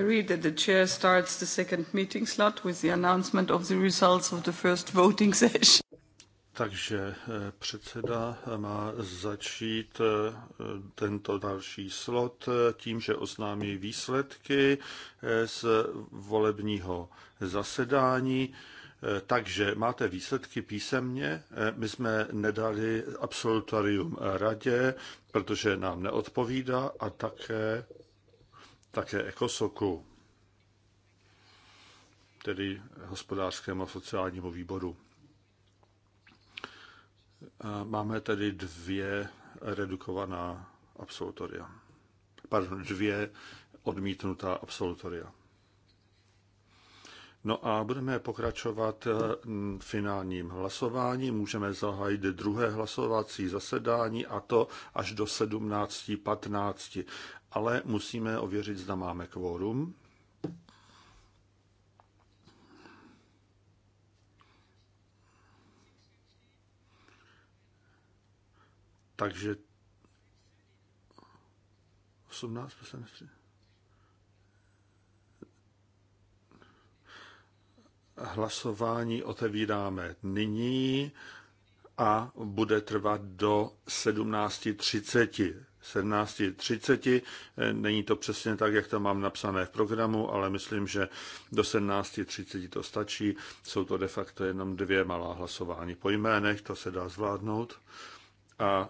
I read that the chair starts the second meeting slot with the announcement of the results of the first voting session. Takže eh, předseda eh, má začít eh, tento další slot tím, že oznámí výsledky z volebního zasedání. Takže máte výsledky písemně. My jsme nedali absolutorium radě, protože nám neodpovídá a také také ECOSOKu, tedy hospodářskému a sociálnímu výboru. Máme tedy dvě redukovaná absolutoria. Pardon, dvě odmítnutá absolutoria. No a budeme pokračovat eh, finálním hlasováním. Můžeme zahájit druhé hlasovací zasedání a to až do 17.15 ale musíme ověřit, zda máme kvórum. Takže 18 poslanců. Hlasování otevíráme nyní a bude trvat do 17.30. 17.30. Eh, není to přesně tak, jak to mám napsané v programu, ale myslím, že do 17.30 to stačí. Jsou to de facto jenom dvě malá hlasování po jménech, to se dá zvládnout. A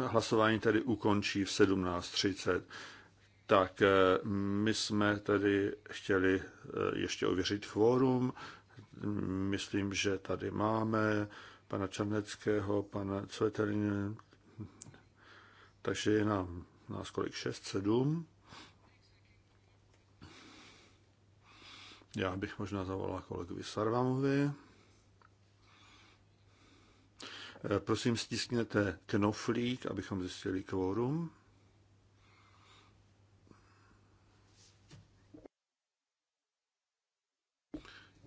hlasování tedy ukončí v 17.30. Tak eh, my jsme tedy chtěli eh, ještě ověřit kvórum. Myslím, že tady máme pana Černeckého, pana Cvetelinu, takže je nám nás kolik 6, 7. Já bych možná zavolal kolegovi Sarvamovi. Eh, prosím, stiskněte knoflík, abychom zjistili kvórum.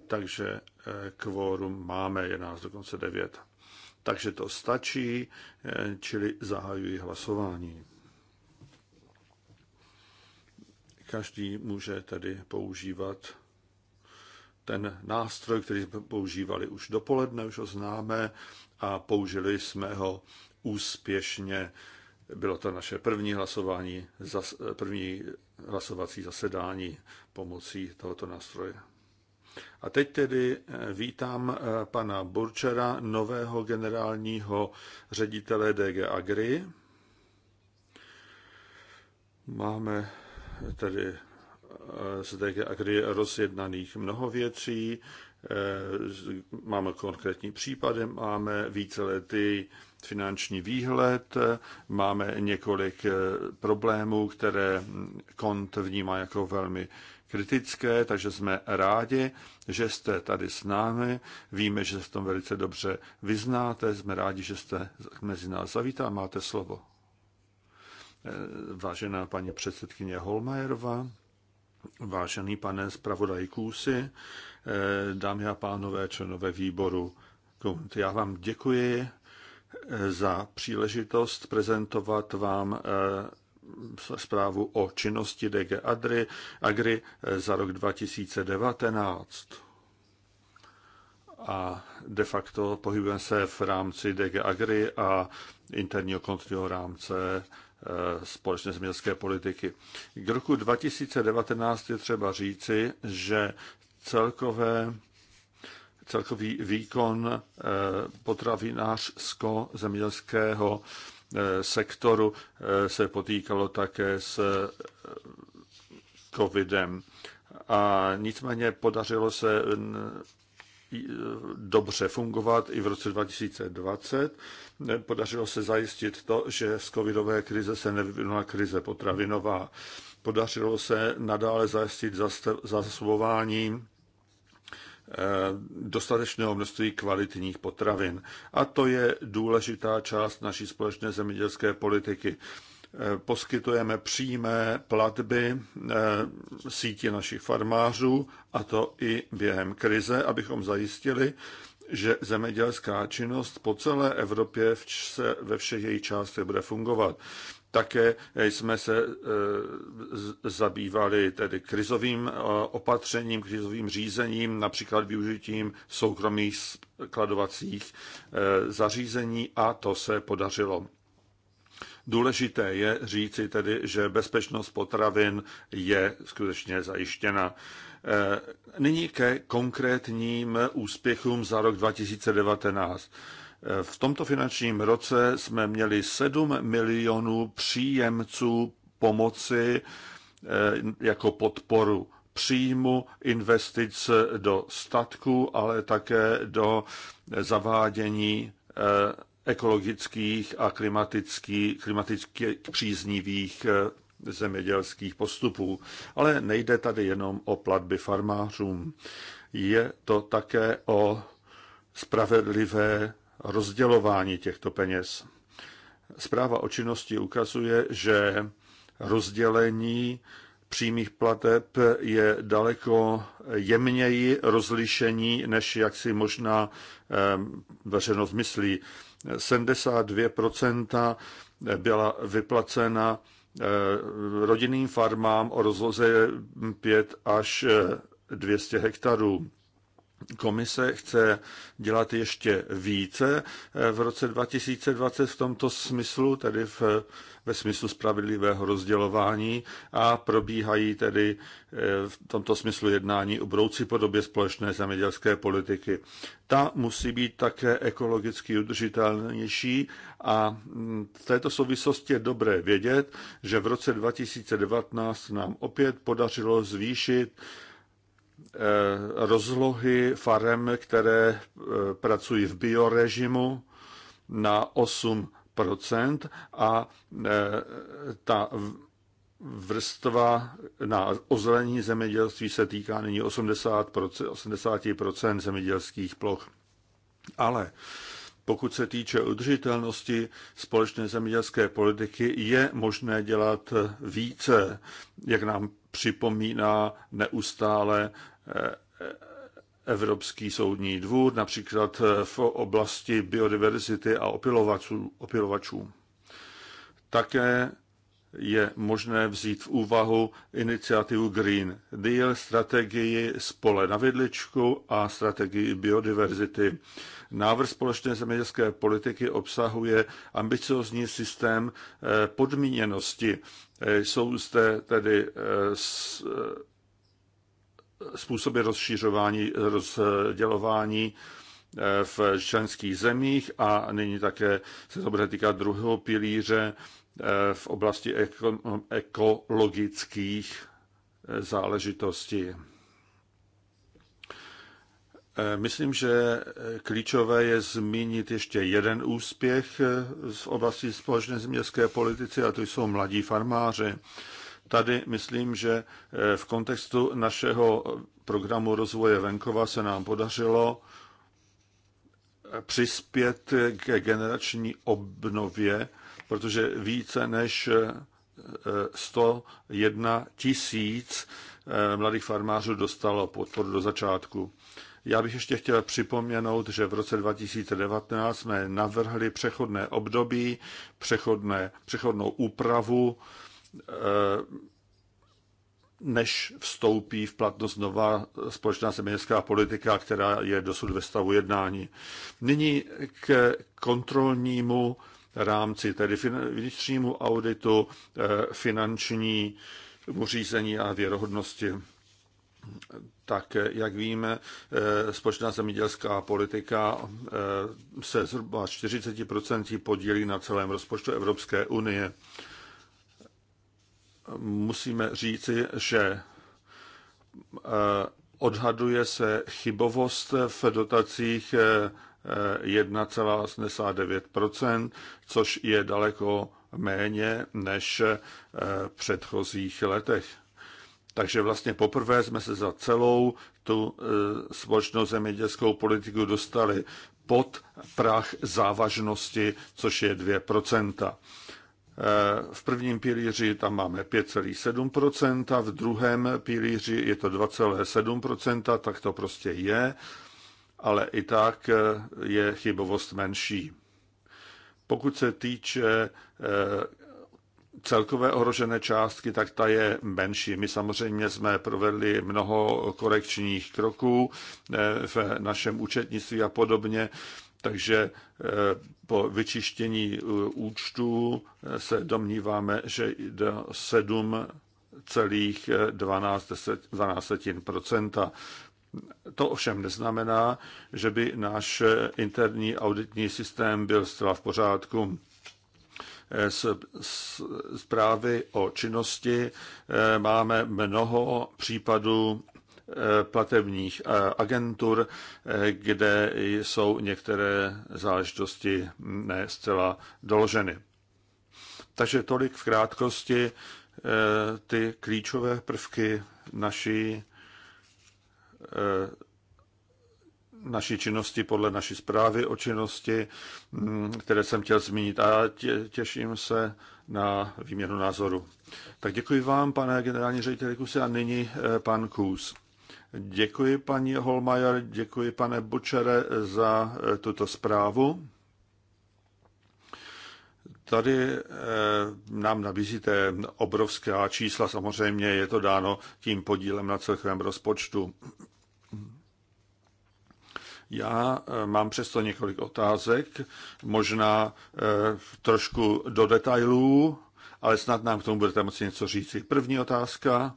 Takže eh, kvórum máme, je nás dokonce devět. Takže to stačí, eh, čili zahajuji hlasování. Každý může tedy používat ten nástroj, který jsme používali už dopoledne, už ho známe a použili jsme ho úspěšně. Bylo to naše první hlasování, eh, první hlasovací zasedání pomocí tohoto nástroje. A teď tedy eh, vítám eh, pana Burčera, nového generálního ředitele DG Agri. Máme tedy eh, z DG Agri rozjednaných mnoho věcí, máme konkrétní případy, máme víceletý finanční výhled, máme několik problémů, které kont vnímá jako velmi kritické, takže jsme rádi, že jste tady s námi. Víme, že se v tom velice dobře vyznáte. Jsme rádi, že jste mezi nás zavítá. Máte slovo. Eh, vážená paní předsedkyně Holmajerová, vážený pane zpravodaj Kůsi, eh, dámy a pánové, členové výboru, já vám děkuji eh, za příležitost prezentovat vám zprávu o činnosti DG Adry, Agri eh, za rok 2019. A de facto pohybujeme se v rámci DG Agri a interního kontrolního rámce eh, společné zemědělské politiky. K roku 2019 je třeba říci, že celkové celkový výkon eh, potravinářsko-zemědělského Eh, sektoru eh, se potýkalo také s eh, covidem. A nicméně podařilo se dobře fungovat i v roce 2020. Podařilo se zajistit to, že z covidové krize se nevyvinula krize potravinová. Podařilo se nadále zajistit zasobování Eh, dostatečného množství kvalitních potravin. A to je důležitá část naší společné zemědělské politiky. Eh, poskytujeme přímé platby eh, síti našich farmářů, a to i během krize, abychom zajistili, že zemědělská činnost po celé Evropě se ve všech jejich částech bude fungovat. Také eh, jsme se eh, zabývali tedy krizovým eh, opatřením, krizovým řízením, například využitím soukromých skladovacích zařízení a to se podařilo. Důležité je říci tedy, že bezpečnost potravin je skutečně zajištěna. Nyní ke konkrétním úspěchům za rok 2019. V tomto finančním roce jsme měli 7 milionů příjemců pomoci eh, jako podporu příjmu, investic do statku, ale také do zavádění eh, ekologických a klimatických, klimaticky příznivých eh, zemědělských postupů. Ale nejde tady jenom o platby farmářům. Je to také o spravedlivé rozdělování těchto peněz. Zpráva o činnosti ukazuje, že rozdělení přímých plateb je daleko jemněji rozlišení, než jak si možná eh, veřejnost myslí. 72% byla vyplacena eh, rodinným farmám o rozloze 5 až 200 eh, hektarů. Komise chce dělat ještě více eh, v roce 2020 v tomto smyslu, tedy v, ve smyslu spravedlivého rozdělování a probíhají tedy eh, v tomto smyslu jednání o budoucí podobě společné zemědělské politiky. Ta musí být také ekologicky udržitelnější a mm, v této souvislosti je dobré vědět, že v roce 2019 nám opět podařilo zvýšit Eh, rozlohy farem, které eh, pracují v biorežimu na 8 a eh, ta vrstva na ozelení zemědělství se týká nyní 80%, 80% zemědělských ploch. Ale pokud se týče udržitelnosti společné zemědělské politiky, je možné dělat více, jak nám připomíná neustále eh, eh, Evropský soudní dvůr, například eh, v oblasti biodiverzity a opilovačů. Také je možné vzít v úvahu iniciativu Green Deal, strategii spole na vidličku a strategii biodiverzity. Návrh společné zemědělské politiky obsahuje ambiciozní systém eh, podmíněnosti. Eh, jsou zde tedy eh, způsoby rozšířování, rozdělování v členských zemích a nyní také se to bude týkat druhého pilíře v oblasti ekologických eh, záležitostí. Eh, myslím, že eh, klíčové je zmínit ještě jeden úspěch v oblasti společné zemědělské politiky, a to jsou mladí farmáři. Tady myslím, že v kontextu našeho programu rozvoje venkova se nám podařilo přispět ke generační obnově protože více než 101 eh, tisíc eh, mladých farmářů dostalo podporu do začátku. Já bych ještě chtěl připomenout, že v roce 2019 jsme navrhli přechodné období, přechodné, přechodnou úpravu, eh, než vstoupí v platnost nová společná zemědělská politika, která je dosud ve stavu jednání. Nyní k kontrolnímu rámci, tedy vnitřnímu auditu, eh, finanční eh, řízení a věrohodnosti. Tak, eh, jak víme, společná zemědělská politika se zhruba 40% podílí na celém rozpočtu Evropské unie. Musíme říci, že odhaduje se chybovost v dotacích 1,89%, což je daleko méně než eh, v předchozích letech. Takže vlastně poprvé jsme se za celou tu eh, společnou zemědělskou politiku dostali pod prach závažnosti, což je 2%. Eh, v prvním pilíři tam máme 5,7%, v druhém pilíři je to 2,7%, tak to prostě je ale i tak eh, je chybovost menší. Pokud se týče eh, celkové ohrožené částky, tak ta je menší. My samozřejmě jsme provedli mnoho korekčních kroků eh, v našem účetnictví a podobně, takže po vyčištění účtů se domníváme, že jde 7,12%. To ovšem neznamená, že by náš interní auditní systém byl zcela v pořádku. Z zprávy o činnosti eh, máme mnoho případů eh, platebních eh, agentur, kde jsou některé záležitosti hm, ne zcela doloženy. Takže tolik v krátkosti ty klíčové prvky naší Eh, naší činnosti podle naší zprávy o činnosti, mm, které jsem chtěl zmínit a těším se na výměnu názoru. Tak děkuji vám, pane generální řediteli Kusy a nyní eh, pan Kus. Děkuji, paní Holmajer, děkuji, pane Bučere, za eh, tuto zprávu. Tady nám nabízíte obrovská čísla, samozřejmě je to dáno tím podílem na celkovém rozpočtu. Já eh, mám přesto několik otázek, možná eh, trošku do detailů, ale snad nám k tomu budete moci něco říct. První otázka,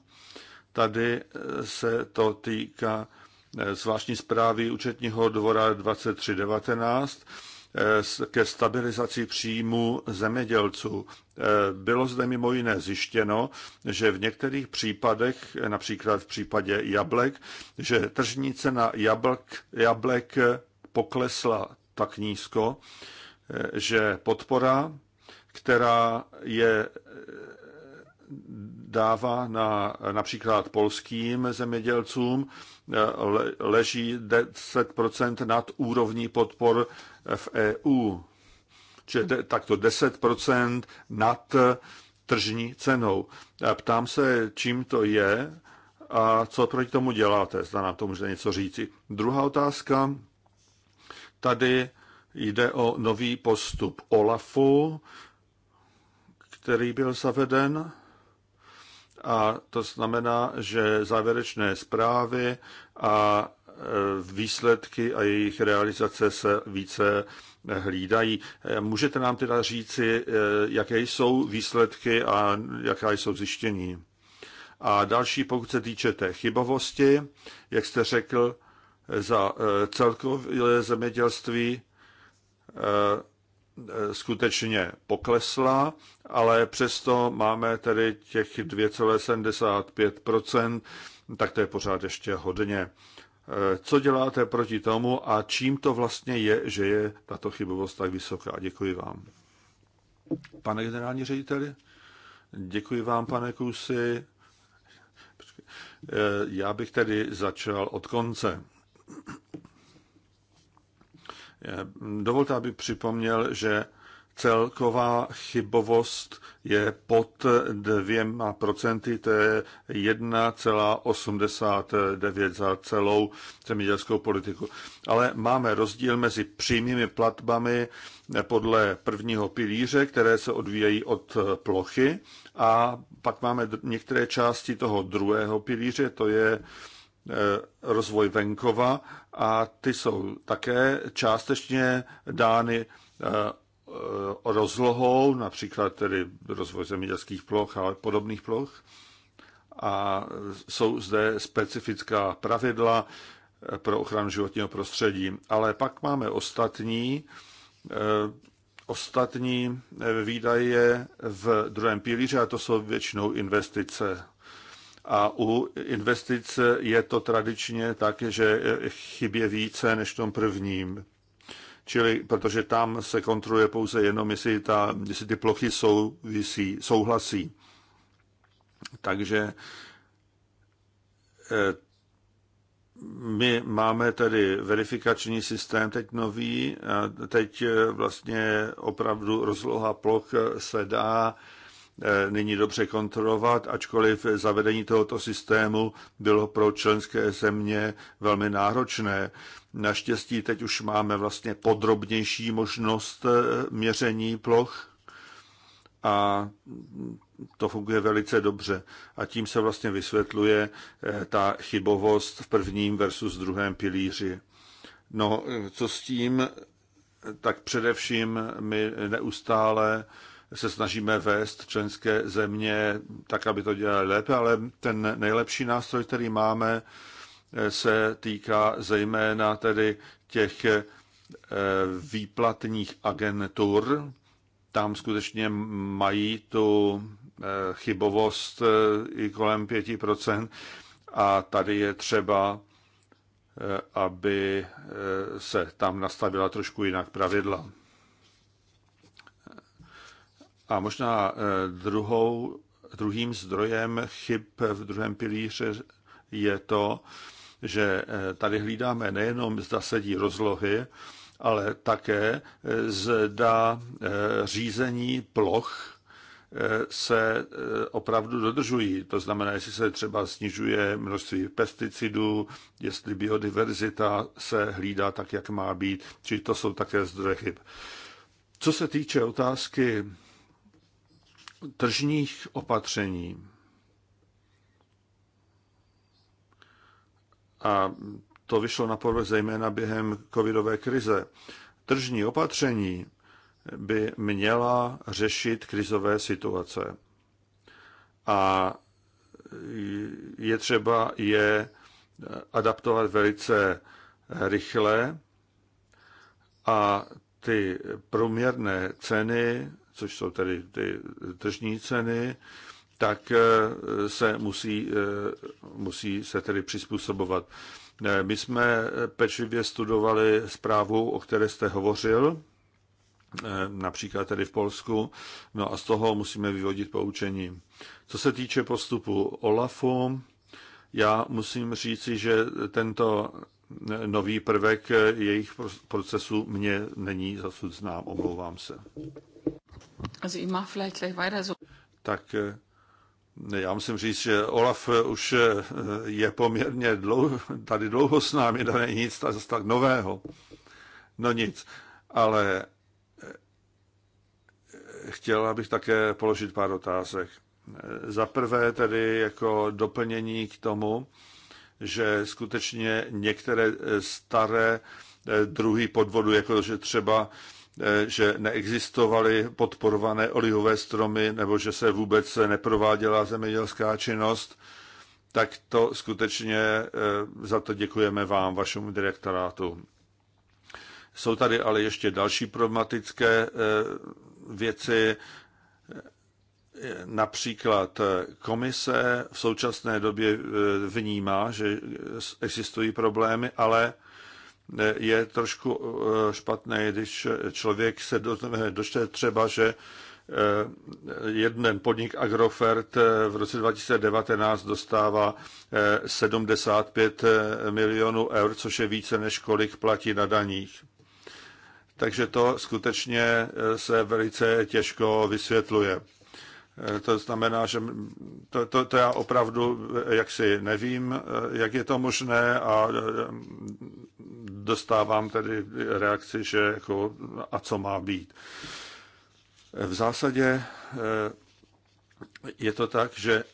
tady eh, se to týká zvláštní zprávy účetního dvora 2319, Eh, ke stabilizaci příjmu zemědělců. Eh, bylo zde mimo jiné zjištěno, že v některých případech, například v případě jablek, že tržní cena jablk, jablek poklesla tak nízko, eh, že podpora, která je dává na například polským zemědělcům, eh, leží 10% nad úrovní podpor eh, v EU. Čili takto 10% nad eh, tržní cenou. Ptám se, čím to je a co proti tomu děláte, zda nám to můžete něco říci. Druhá otázka. Tady jde o nový postup OLAFu, který byl zaveden a to znamená, že závěrečné zprávy a e, výsledky a jejich realizace se více hlídají. E, můžete nám teda říci, e, jaké jsou výsledky a jaká jsou zjištění? A další, pokud se týče té chybovosti, jak jste řekl, za celkové zemědělství E, skutečně poklesla, ale přesto máme tedy těch 2,75%, tak to je pořád ještě hodně. E, co děláte proti tomu a čím to vlastně je, že je tato chybovost tak vysoká? Děkuji vám. Pane generální řediteli, děkuji vám, pane Kusy. E, já bych tedy začal od konce. Eh, dovolte, aby připomněl, že celková chybovost je pod dvěma procenty, to je 1,89 za celou zemědělskou politiku. Ale máme rozdíl mezi přímými platbami podle prvního pilíře, které se odvíjejí od plochy a pak máme některé části toho druhého pilíře, to je Eh, rozvoj venkova a ty jsou také částečně dány eh, eh, rozlohou, například tedy rozvoj zemědělských ploch a podobných ploch. A jsou zde specifická pravidla pro ochranu životního prostředí. Ale pak máme ostatní, ostatní výdaje v druhém pilíři a to jsou většinou investice a u investic je to tradičně tak, že chybě více než v tom prvním. Čili protože tam se kontroluje pouze jenom, jestli, ta, jestli ty plochy souvisí, souhlasí. Takže eh, my máme tedy verifikační systém teď nový, teď eh, vlastně opravdu rozloha ploch se dá Eh, nyní dobře kontrolovat, ačkoliv zavedení tohoto systému bylo pro členské země velmi náročné. Naštěstí teď už máme vlastně podrobnější možnost eh, měření ploch a to funguje velice dobře. A tím se vlastně vysvětluje eh, ta chybovost v prvním versus druhém pilíři. No, co s tím, tak především my neustále se snažíme vést členské země tak, aby to dělali lépe, ale ten nejlepší nástroj, který máme, eh, se týká zejména tedy těch eh, výplatních agentur. Tam skutečně mají tu eh, chybovost i kolem 5%. A tady je třeba, aby se tam nastavila trošku jinak pravidla. A možná eh, druhou, druhým zdrojem chyb v druhém pilíři je to, že eh, tady hlídáme nejenom zda sedí rozlohy, ale také eh, zda řízení ploch se opravdu dodržují. To znamená, jestli se třeba snižuje množství pesticidů, jestli biodiverzita se hlídá tak, jak má být, či to jsou také zdroje chyb. Co se týče otázky tržních opatření. A to vyšlo na povrch zejména během covidové krize. Tržní opatření by měla řešit krizové situace. A je třeba je adaptovat velice rychle a ty průměrné ceny což jsou tedy ty tržní ceny, tak eh, se musí, eh, musí se tedy přizpůsobovat. Eh, my jsme pečlivě studovali zprávu, o které jste hovořil, například tedy v Polsku, no a z toho musíme vyvodit poučení. Co se týče postupu OLAFu, já musím říci, že tento nový prvek jejich procesu mě není zasud znám, omlouvám se. Tak eh, já musím říct, že Olaf eh, už eh, je poměrně dlouho, tady dlouho s námi, to není nic tak, tak nového. No nic, ale chtěl bych také položit pár otázek. Za prvé tedy jako doplnění k tomu, že skutečně některé staré druhy podvodu, jako že třeba Eh, že neexistovaly podporované olivové stromy nebo že se vůbec neprováděla zemědělská činnost, tak to skutečně eh, za to děkujeme vám, vašemu direktorátu. Jsou tady ale ještě další problematické eh, věci, Například komise v současné době vnímá, že existují problémy, ale je trošku eh, špatné, když člověk se eh, dočte třeba, že eh, jeden podnik Agrofert v roce 2019 dostává 75 milionů eur, což je více než kolik platí na daních. Takže to skutečně se velice těžko vysvětluje. To znamená, že to, to, to já opravdu jaksi nevím, jak je to možné a dostávám tedy reakci, že jako, a co má být. V zásadě eh, je to tak, že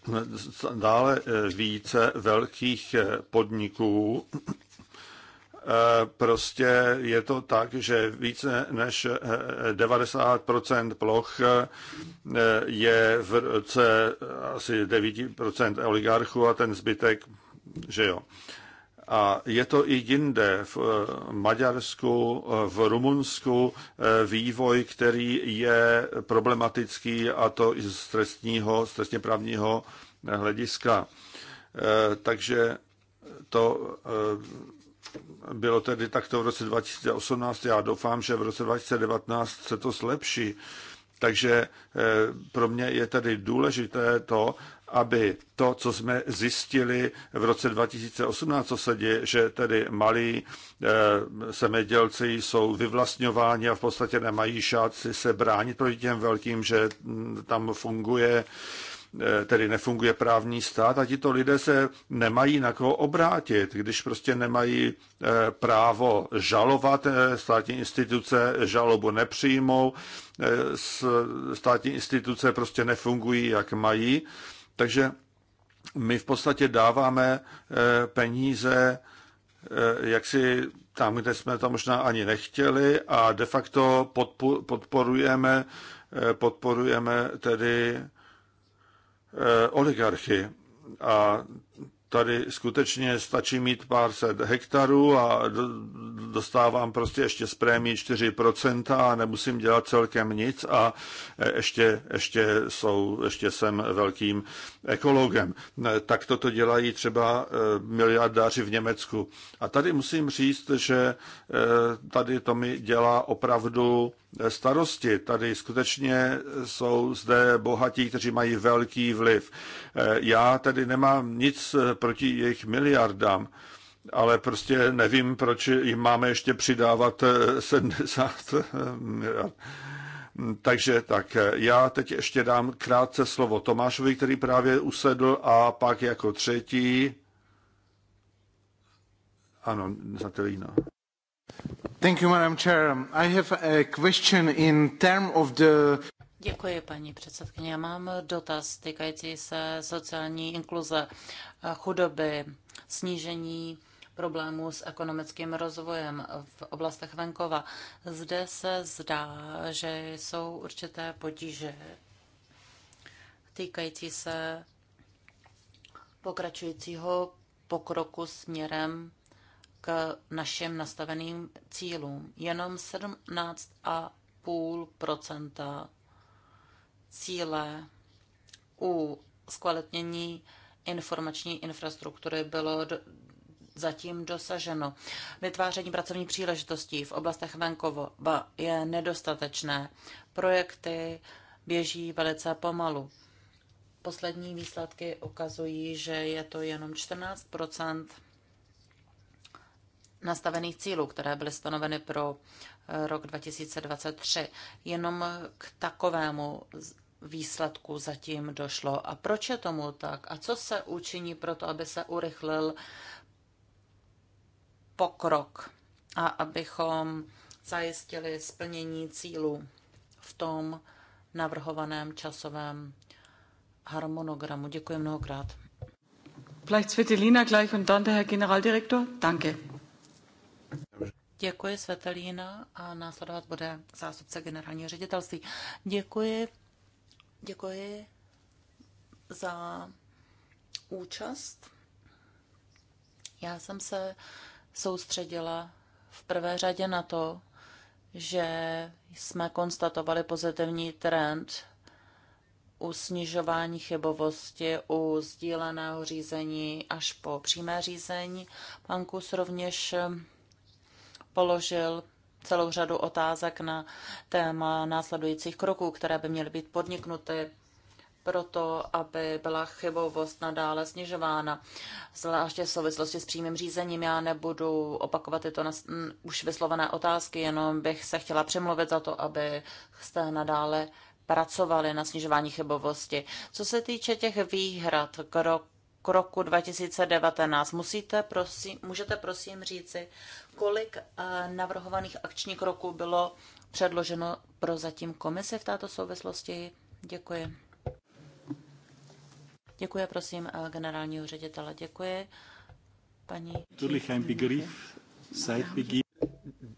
dále více velkých podniků eh, prostě je to tak, že více než 90% eh, ploch je v roce asi 9% oligarchů a ten zbytek, že jo. A je to i jinde, v eh, Maďarsku, eh, v Rumunsku, eh, vývoj, který je problematický, a to i z trestního, z trestně právního hlediska. Takže to bylo tedy takto v roce 2018. Já doufám, že v roce 2019 se to zlepší takže eh, pro mě je tady důležité to, aby to, co jsme zjistili v roce 2018, co se děje, že tedy malí semedělci eh, jsou vyvlastňováni a v podstatě nemají šanci se bránit proti těm velkým, že mm, tam funguje E, tedy nefunguje právní stát a tito lidé se nemají na koho obrátit, když prostě nemají e, právo žalovat, e, státní instituce žalobu nepřijmou, státní instituce prostě nefungují, jak mají, takže my v podstatě dáváme peníze jak si tam, kde jsme to možná ani nechtěli a de facto podporujeme, podporujeme tedy Eh, oligarchy. A tady skutečně stačí mít pár set hektarů a dostávám prostě ještě z prémí 4% a nemusím dělat celkem nic a eh, ještě, ještě, jsou, ještě jsem velkým ekologem. Eh, tak toto dělají třeba miliardáři v Německu. A tady musím říct, že tady to mi dělá opravdu starosti. Tady skutečně jsou zde bohatí, kteří mají velký vliv. Eh, já tedy nemám nic eh, proti jejich miliardám, ale prostě nevím, proč jim máme ještě přidávat 70 eh, miliard. Takže tak, já teď ještě dám krátce slovo Tomášovi, který právě usedl a pak jako třetí ano, Zatelína. Děkuji, paní předsedkyně. Já mám dotaz týkající se sociální inkluze, chudoby, snížení problémů s ekonomickým rozvojem v oblastech venkova. Zde se zdá, že jsou určité potíže týkající se pokračujícího pokroku směrem k našim nastaveným cílům. Jenom 17,5 cíle u zkvalitnění informační infrastruktury bylo do, zatím dosaženo. Vytváření pracovní příležitostí v oblastech venkova je nedostatečné. Projekty běží velice pomalu. Poslední výsledky ukazují, že je to jenom 14 nastavených cílů, které byly stanoveny pro eh, rok 2023. Jenom k takovému výsledku zatím došlo. A proč je tomu tak? A co se učiní pro to, aby se urychlil pokrok a abychom zajistili splnění cílů v tom navrhovaném časovém harmonogramu? Děkuji mnohokrát. Vielleicht Lina, gleich und dann der Herr Generaldirektor. Danke. Děkuji, Svetelína, a následovat bude zástupce generálního ředitelství. Děkuji, děkuji za účast. Já jsem se soustředila v prvé řadě na to, že jsme konstatovali pozitivní trend u snižování chybovosti, u sdíleného řízení až po přímé řízení. Pan Kus rovněž položil celou řadu otázek na téma následujících kroků, které by měly být podniknuty proto, aby byla chybovost nadále snižována. Zvláště v souvislosti s přímým řízením já nebudu opakovat tyto nas- už vyslovené otázky, jenom bych se chtěla přemluvit za to, aby jste nadále pracovali na snižování chybovosti. Co se týče těch výhrad krok k roku 2019. Musíte, prosím, můžete prosím říci, kolik eh, navrhovaných akčních kroků bylo předloženo pro zatím komise v této souvislosti? Děkuji. Děkuji, prosím, eh, generálního ředitele. Děkuji. Paní...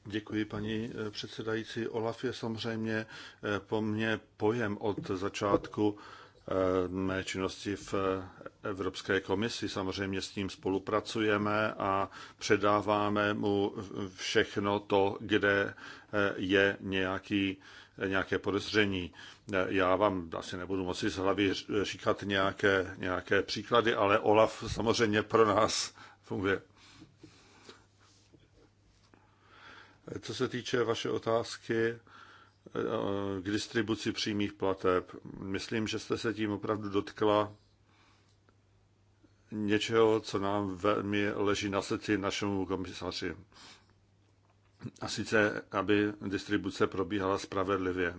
Děkuji, paní eh, předsedající. Olaf je samozřejmě po mně pojem od začátku Eh, mé činnosti v Evropské komisi. Samozřejmě s ním spolupracujeme a předáváme mu všechno to, kde eh, je nějaký, nějaké podezření. Eh, já vám asi nebudu moci z hlavy říkat nějaké, nějaké příklady, ale OLAF samozřejmě pro nás funguje. Co se týče vaše otázky, k distribuci přímých plateb. Myslím, že jste se tím opravdu dotkla něčeho, co nám velmi leží na srdci našemu komisaři. A sice, aby distribuce probíhala spravedlivě.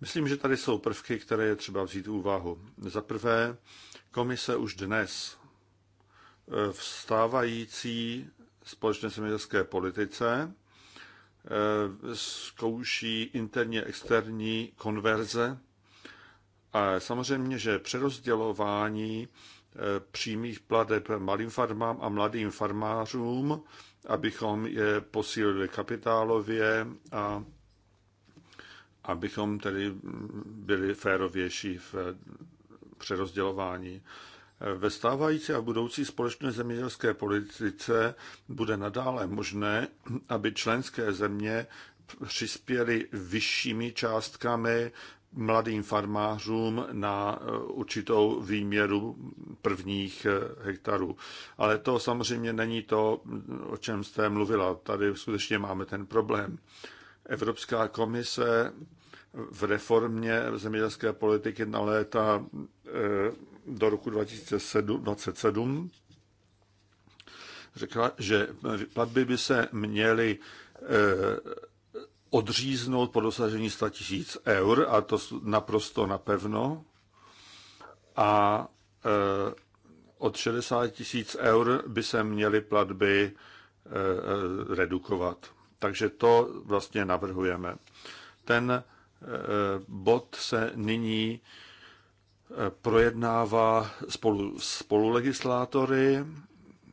Myslím, že tady jsou prvky, které je třeba vzít úvahu. Za prvé, komise už dnes eh, vstávající společné zemědělské politice Eh, zkouší interně externí konverze. A samozřejmě, že přerozdělování eh, přímých pladeb malým farmám a mladým farmářům, abychom je posílili kapitálově a abychom tedy byli férovější v přerozdělování. Ve stávající a budoucí společné zemědělské politice bude nadále možné, aby členské země přispěly vyššími částkami mladým farmářům na eh, určitou výměru prvních eh, hektarů. Ale to samozřejmě není to, o čem jste mluvila. Tady skutečně máme ten problém. Evropská komise v reformě zemědělské politiky na léta eh, do roku 2027 řekla, že platby by se měly eh, odříznout po dosažení 100 tisíc eur, a to naprosto napevno, a eh, od 60 tisíc eur by se měly platby eh, redukovat. Takže to vlastně navrhujeme. Ten bod se nyní projednává spolu, spolulegislátory,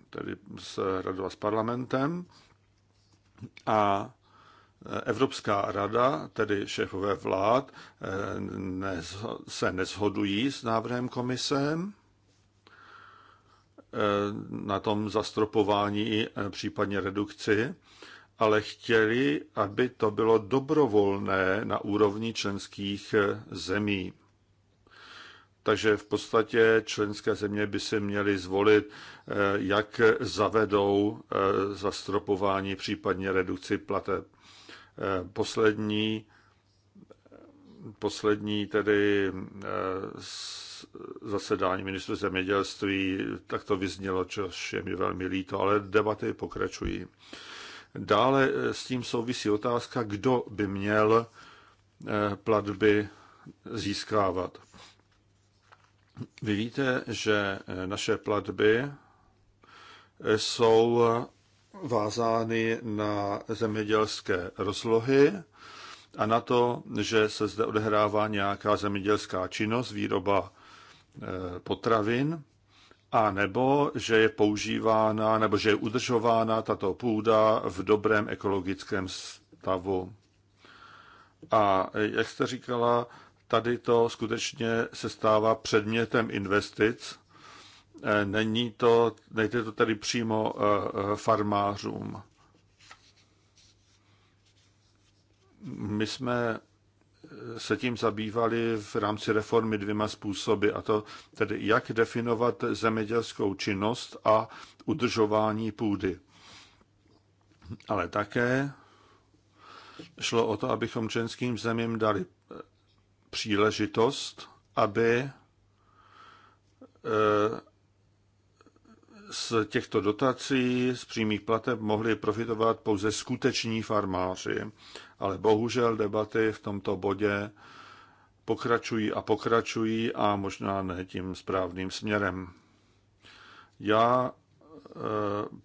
tedy s radou a s parlamentem, a Evropská rada, tedy šéfové vlád, se neshodují s návrhem komise na tom zastropování, případně redukci, ale chtěli, aby to bylo dobrovolné na úrovni členských zemí. Takže v podstatě členské země by se měly zvolit, eh, jak zavedou eh, zastropování, případně redukci plateb. Eh, poslední, poslední tedy zasedání ministru zemědělství, tak to vyznělo, což je mi velmi líto, ale debaty pokračují. Dále s tím souvisí otázka, kdo by měl platby získávat. Vy víte, že eh, naše platby eh, jsou vázány na zemědělské rozlohy a na to, že se zde odehrává nějaká zemědělská činnost, výroba eh, potravin, a nebo že je používána, nebo že je udržována tato půda v dobrém ekologickém stavu. A jak jste říkala, tady to skutečně se stává předmětem investic. Eh, není to, nejde to tady přímo eh, farmářům. My jsme eh, se tím zabývali v rámci reformy dvěma způsoby, a to tedy jak definovat zemědělskou činnost a udržování půdy. Ale také šlo o to, abychom členským zemím dali příležitost, aby eh, z těchto dotací, z přímých plateb mohli profitovat pouze skuteční farmáři. Ale bohužel debaty v tomto bodě pokračují a pokračují a možná ne tím správným směrem. Já eh,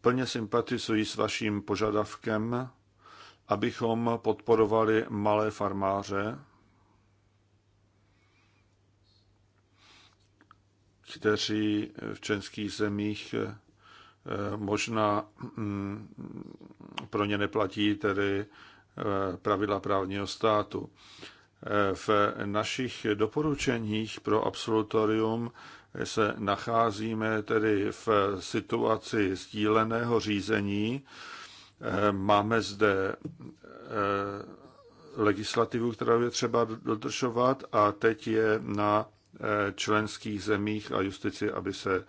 plně sympatizuji s vaším požadavkem, abychom podporovali malé farmáře, kteří v českých zemích eh, možná mm, pro ně neplatí tedy eh, pravidla právního státu. Eh, v našich doporučeních pro absolutorium se nacházíme tedy v situaci sdíleného řízení. Máme zde legislativu, kterou je třeba dodržovat a teď je na Eh, členských zemích a justici, aby se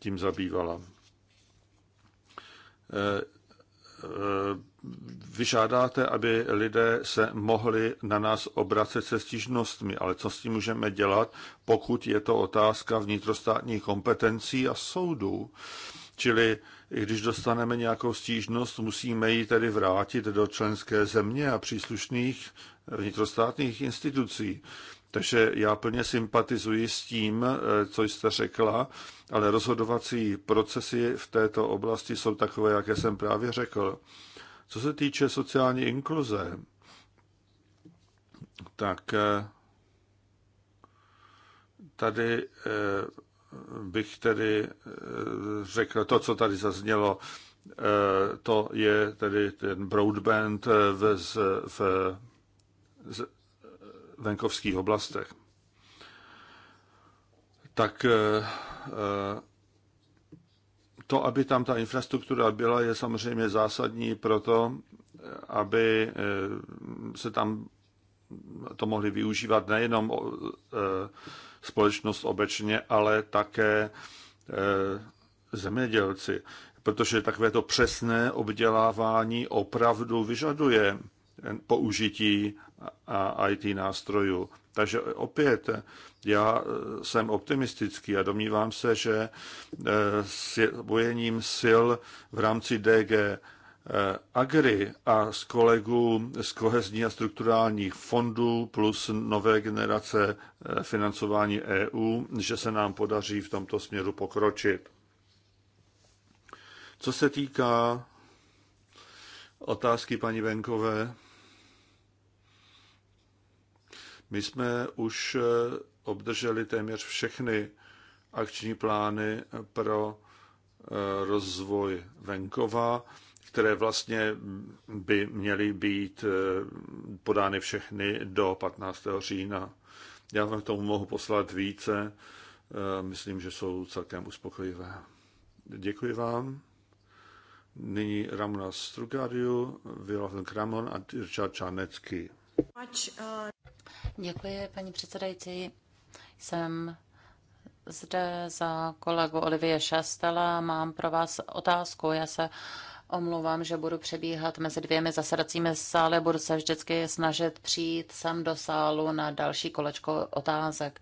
tím zabývala. Eh, eh, Vyžádáte, aby lidé se mohli na nás obracet se stížnostmi, ale co s tím můžeme dělat, pokud je to otázka vnitrostátních kompetencí a soudů? Čili i když dostaneme nějakou stížnost, musíme ji tedy vrátit do členské země a příslušných eh, vnitrostátních institucí. Takže já plně sympatizuji s tím, eh, co jste řekla, ale rozhodovací procesy v této oblasti jsou takové, jaké jsem právě řekl. Co se týče sociální inkluze, tak eh, tady bych tedy eh, řekl to, co tady zaznělo, eh, to je tedy ten broadband eh, v, v, z venkovských oblastech. Tak to, aby tam ta infrastruktura byla, je samozřejmě zásadní pro to, aby se tam to mohli využívat nejenom společnost obecně, ale také eh, zemědělci, protože takovéto přesné obdělávání opravdu vyžaduje použití a IT nástrojů. Takže opět, já eh, jsem optimistický a domnívám se, že eh, s bojením sil v rámci DG Eh, Agri a z kolegů z kohezní a strukturálních fondů plus nové generace eh, financování EU, že se nám podaří v tomto směru pokročit. Co se týká otázky paní Venkové, my jsme už eh, obdrželi téměř všechny akční plány pro rozvoj venkova které vlastně by měly být eh, podány všechny do 15. října. Já vám k tomu mohu poslat více. Eh, myslím, že jsou celkem uspokojivé. Děkuji vám. Nyní Ramona Strugariu, Vilhelm Kramon a Richard Čánecký. Děkuji, paní předsedající. Jsem zde za kolegu Olivie Šastela. Mám pro vás otázku. Já se omlouvám, že budu přebíhat mezi dvěmi zasedacími sály. Budu se vždycky snažit přijít sem do sálu na další kolečko otázek.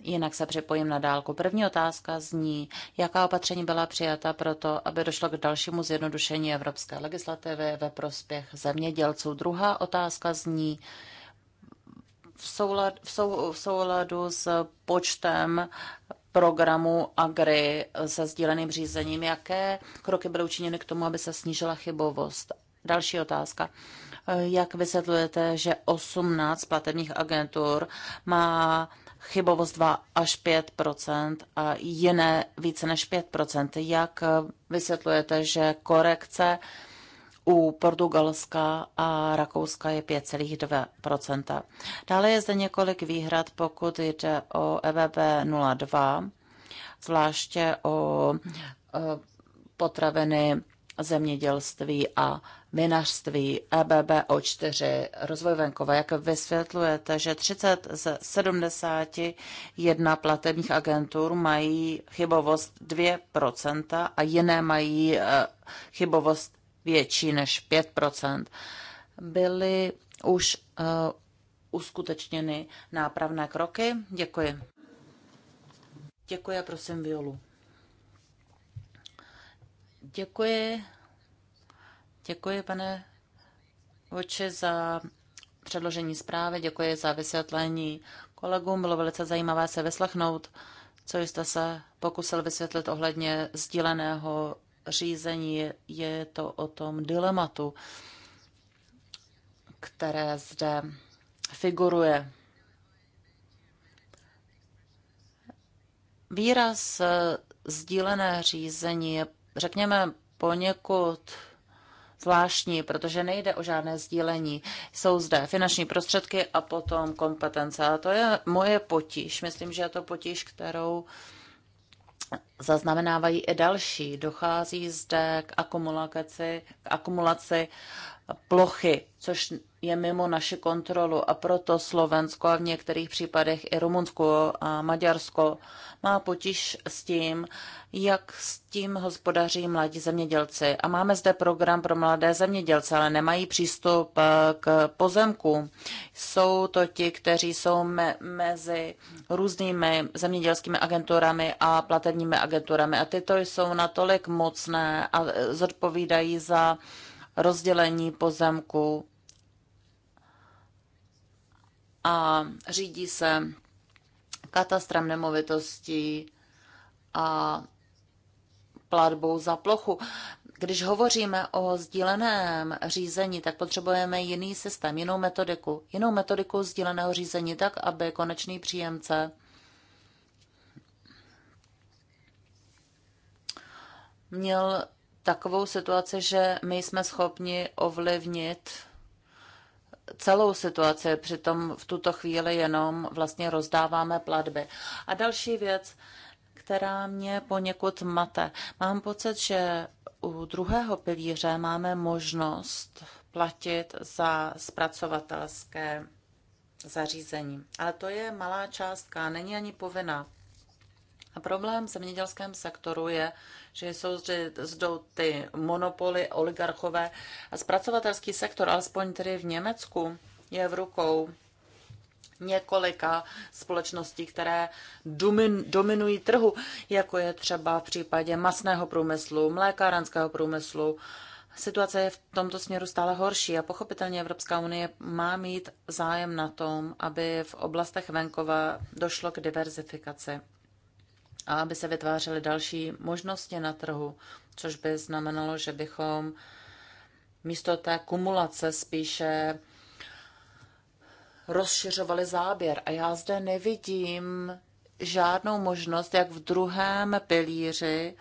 Jinak se připojím na dálku. První otázka zní, jaká opatření byla přijata pro to, aby došlo k dalšímu zjednodušení evropské legislativy ve prospěch zemědělců. Druhá otázka zní, v, souladu, v souladu s počtem programu Agri se sdíleným řízením. Jaké kroky byly učiněny k tomu, aby se snížila chybovost? Další otázka. Jak vysvětlujete, že 18 platebních agentur má chybovost 2 až 5 a jiné více než 5 Jak vysvětlujete, že korekce u Portugalska a Rakouska je 5,2 Dále je zde několik výhrad, pokud jde o EVB 02, zvláště o potraviny zemědělství a vinařství e o 4 rozvoj venkova. Jak vysvětlujete, že 30 z 71 platebních agentur mají chybovost 2% a jiné mají e, chybovost větší než 5 Byly už uh, uskutečněny nápravné kroky? Děkuji. Děkuji a prosím Violu. Děkuji. Děkuji, pane Voči, za předložení zprávy, děkuji za vysvětlení kolegům. Bylo velice zajímavé se vyslechnout, co jste se pokusil vysvětlit ohledně sdíleného řízení, je to o tom dilematu, které zde figuruje. Výraz eh, sdílené řízení je, řekněme, poněkud zvláštní, protože nejde o žádné sdílení. Jsou zde finanční prostředky a potom kompetence. A to je moje potíž. Myslím, že je to potíž, kterou uh, zaznamenávají i další. Dochází zde k akumulaci, k akumulaci plochy, což je mimo naši kontrolu a proto Slovensko a v některých případech i Rumunsko a Maďarsko má potíž s tím, jak s tím hospodaří mladí zemědělci. A máme zde program pro mladé zemědělce, ale nemají přístup eh, k pozemku. Jsou to ti, kteří jsou me- mezi různými zemědělskými agenturami a platebními agenturami. A tyto jsou natolik mocné a eh, zodpovídají za rozdělení pozemku a řídí se katastrem nemovitostí a platbou za plochu. Když hovoříme o sdíleném řízení, tak potřebujeme jiný systém, jinou metodiku. Jinou metodiku sdíleného řízení tak, aby konečný příjemce měl takovou situaci, že my jsme schopni ovlivnit celou situaci, přitom v tuto chvíli jenom vlastně rozdáváme platby. A další věc, která mě poněkud mate. Mám pocit, že u druhého pilíře máme možnost platit za zpracovatelské zařízení. Ale to je malá částka, není ani povinná. A problém v zemědělském sektoru je, že jsou zdou ty monopoly, oligarchové a zpracovatelský sektor, alespoň tedy v Německu, je v rukou několika společností, které domin, dominují trhu, jako je třeba v případě masného průmyslu, mlékárenského průmyslu. Situace je v tomto směru stále horší a pochopitelně Evropská unie má mít zájem na tom, aby v oblastech venkova došlo k diverzifikaci a aby se vytvářely další možnosti na trhu, což by znamenalo, že bychom místo té kumulace spíše rozšiřovali záběr. A já zde nevidím žádnou možnost, jak v druhém pilíři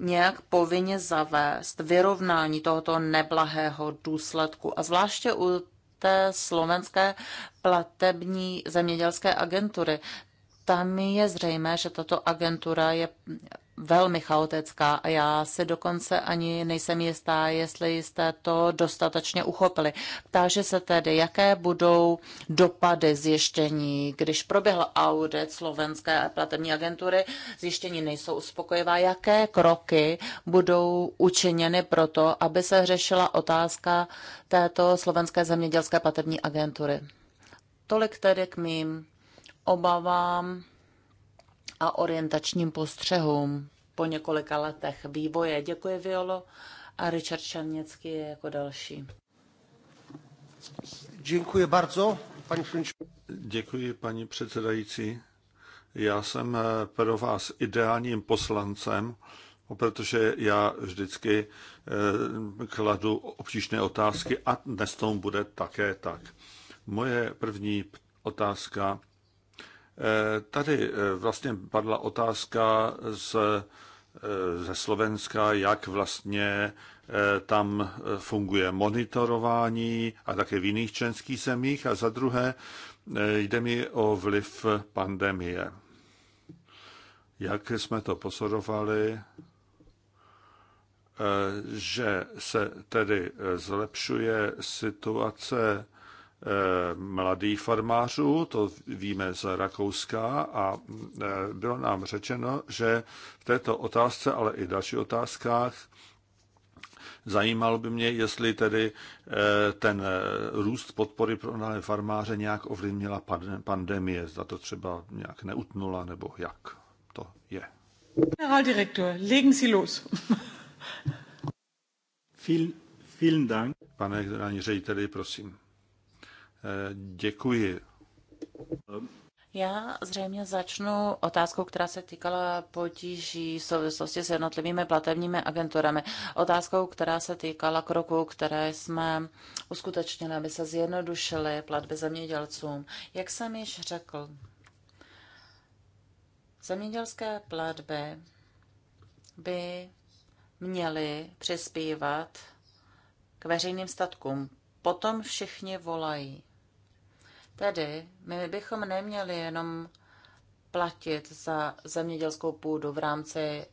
nějak povinně zavést vyrovnání tohoto neblahého důsledku. A zvláště u té slovenské platební zemědělské agentury tam je zřejmé, že tato agentura je velmi chaotická a já si dokonce ani nejsem jistá, jestli jste to dostatečně uchopili. Táže se tedy, jaké budou dopady zjištění, když proběhl audit slovenské platební agentury, zjištění nejsou uspokojivá, jaké kroky budou učiněny proto, aby se řešila otázka této slovenské zemědělské platební agentury. Tolik tedy k mým obavám a orientačním postřehům po několika letech vývoje. Děkuji, Violo. A Richard Šaněcký je jako další. Děkuji bardzo, paní Děkuji, paní předsedající. Já jsem eh, pro vás ideálním poslancem, no, protože já vždycky eh, kladu obtížné otázky a dnes tomu bude také tak. Moje první otázka Tady eh, vlastně padla otázka z, eh, ze Slovenska, jak vlastně eh, tam funguje monitorování a také v jiných členských zemích. A za druhé jde mi o vliv pandemie. Jak jsme to pozorovali, že se tedy zlepšuje situace Eh, mladých farmářů, to víme z Rakouska, a eh, bylo nám řečeno, že v této otázce, ale i dalších otázkách, zajímalo by mě, jestli tedy eh, ten růst podpory pro mladé farmáře nějak ovlivnila pandemie, zda to třeba nějak neutnula, nebo jak to je. Generaldirektor, legen Sie los. Vielen, vielen Dank. Pane generální řediteli, prosím. Děkuji. Já zřejmě začnu otázkou, která se týkala potíží v souvislosti s jednotlivými platebními agenturami. Otázkou, která se týkala kroku, které jsme uskutečnili, aby se zjednodušily platby zemědělcům. Jak jsem již řekl, zemědělské platby by měly přispívat k veřejným statkům. Potom všichni volají Tedy my bychom neměli jenom platit za zemědělskou půdu v rámci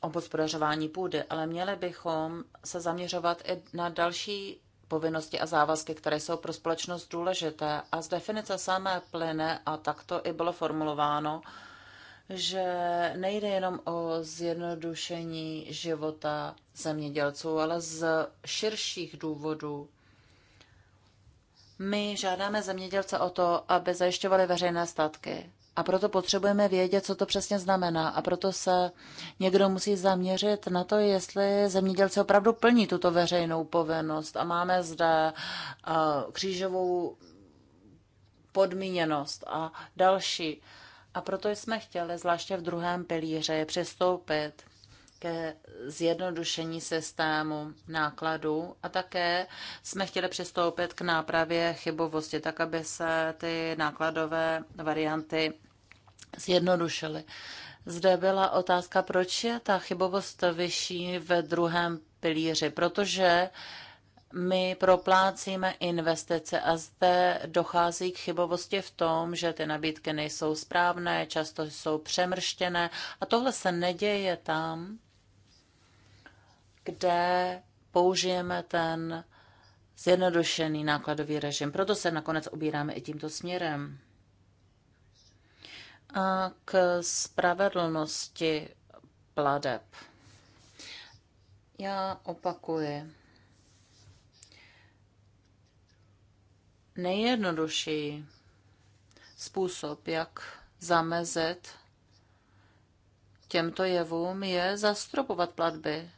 obhospodařování půdy, ale měli bychom se zaměřovat i na další povinnosti a závazky, které jsou pro společnost důležité. A z definice samé plyne, a tak to i bylo formulováno, že nejde jenom o zjednodušení života zemědělců, ale z širších důvodů my žádáme zemědělce o to, aby zajišťovali veřejné statky. A proto potřebujeme vědět, co to přesně znamená. A proto se někdo musí zaměřit na to, jestli zemědělce opravdu plní tuto veřejnou povinnost. A máme zde eh, křížovou podmíněnost a další. A proto jsme chtěli, zvláště v druhém pilíře, přistoupit ke zjednodušení systému nákladů a také jsme chtěli přistoupit k nápravě chybovosti, tak aby se ty nákladové varianty zjednodušily. Zde byla otázka, proč je ta chybovost vyšší ve druhém pilíři, protože my proplácíme investice a zde dochází k chybovosti v tom, že ty nabídky nejsou správné, často jsou přemrštěné a tohle se neděje tam, kde použijeme ten zjednodušený nákladový režim. Proto se nakonec obíráme i tímto směrem. A k spravedlnosti pladeb. Já opakuji. Nejjednodušší způsob, jak zamezit těmto jevům, je zastropovat platby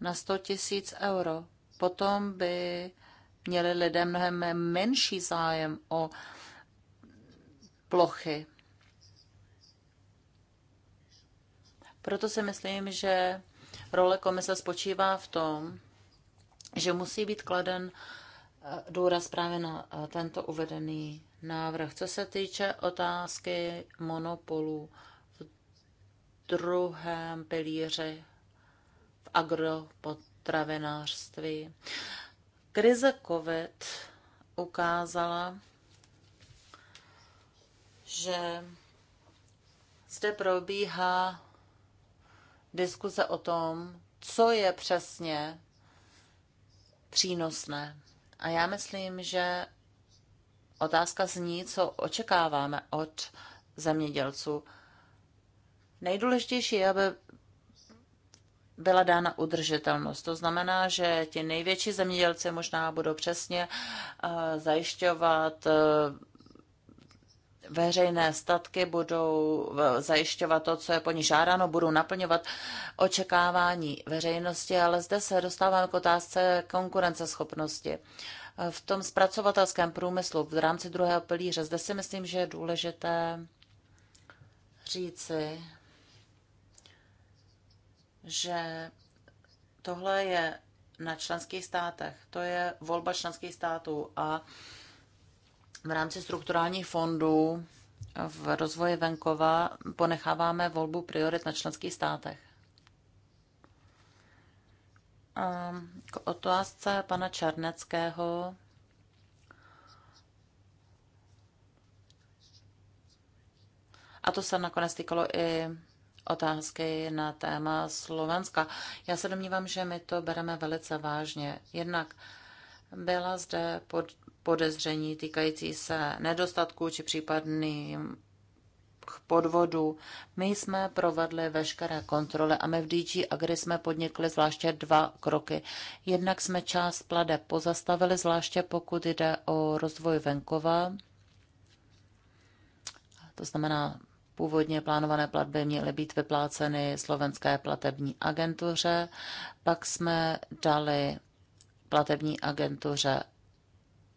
na 100 tisíc euro. Potom by měli lidé mnohem menší zájem o plochy. Proto si myslím, že role komise spočívá v tom, že musí být kladen eh, důraz právě na eh, tento uvedený návrh. Co se týče otázky monopolu v druhém pilíři agropotravinářství. Krize COVID ukázala, že zde probíhá diskuze o tom, co je přesně přínosné. A já myslím, že otázka zní, co očekáváme od zemědělců. Nejdůležitější je, aby byla dána udržitelnost. To znamená, že ti největší zemědělci možná budou přesně eh, zajišťovat eh, veřejné statky, budou eh, zajišťovat to, co je po ní žádáno, budou naplňovat očekávání veřejnosti, ale zde se dostáváme k otázce konkurenceschopnosti. V tom zpracovatelském průmyslu v rámci druhého pilíře, zde si myslím, že je důležité říci, že tohle je na členských státech. To je volba členských států a v rámci strukturálních fondů v rozvoji venkova ponecháváme volbu priorit na členských státech. A k otázce pana Černeckého. A to se nakonec týkalo i otázky na téma Slovenska. Já se domnívám, že my to bereme velice vážně. Jednak byla zde pod podezření týkající se nedostatků či případným podvodu. My jsme provedli veškeré kontroly a my v DG Agri jsme podnikli zvláště dva kroky. Jednak jsme část plade pozastavili, zvláště pokud jde o rozvoj venkova, to znamená Původně plánované platby měly být vypláceny slovenské platební agentuře, pak jsme dali platební agentuře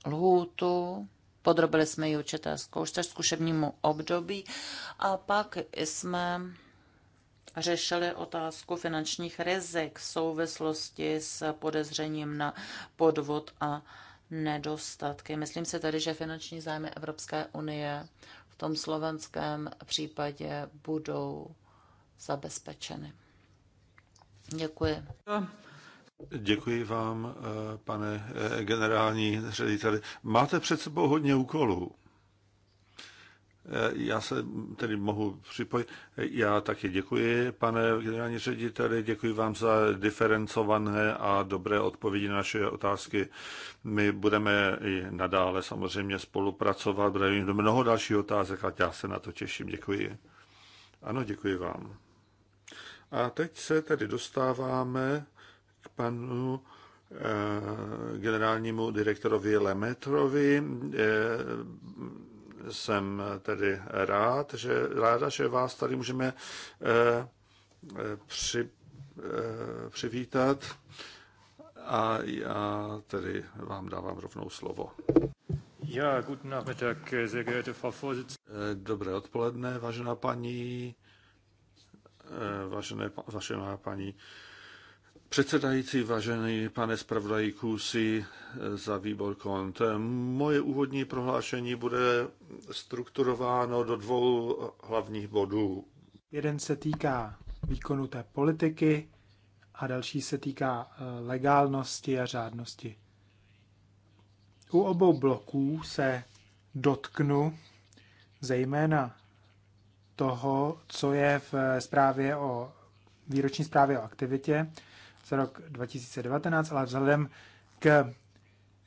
lhůtu, podrobili jsme ji určité zkoušce, zkušebnímu období a pak jsme řešili otázku finančních rizik v souvislosti s podezřením na podvod a nedostatky. Myslím si tedy, že finanční zájmy Evropské unie v tom slovenském případě budou zabezpečeny. Děkuji. Děkuji vám, eh, pane eh, generální řediteli. Máte před sebou hodně úkolů. Eh, já se tedy mohu připojit. Eh, já taky děkuji, pane generální řediteli, děkuji vám za diferencované a dobré odpovědi na naše otázky. My budeme i nadále samozřejmě spolupracovat, budeme mít mnoho dalších otázek a já se na to těším. Děkuji. Ano, děkuji vám. A teď se tedy dostáváme k panu eh, generálnímu direktorovi Lemetrovi jsem tedy rád, že, ráda, že vás tady můžeme eh, eh, při, eh, přivítat a já tedy vám dávám rovnou slovo. Ja, guten Nachmittag, sehr geehrte Frau Vorsitzende. Dobré odpoledne, vážená paní, vážené, vážená paní předsedající, vážený pane zpravodaji Kůsi za výbor KONT. Moje úvodní prohlášení bude strukturováno do dvou hlavních bodů. Jeden se týká výkonu té politiky a další se týká eh, legálnosti a řádnosti. U obou bloků se dotknu zejména toho, co je v eh, zprávě o výroční zprávě o aktivitě, za rok 2019, ale vzhledem k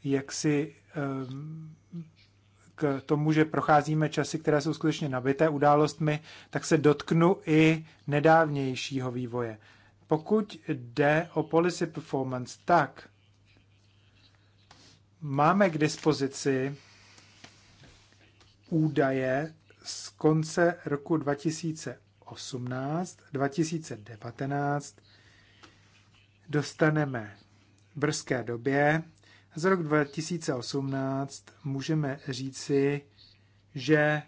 jaksi ehm, k tomu, že procházíme časy, které jsou skutečně nabité událostmi, tak se dotknu i nedávnějšího vývoje. Pokud jde o policy performance, tak máme k dispozici údaje z konce roku 2018, 2019 dostaneme v brzké době. Z rok 2018 můžeme říci, že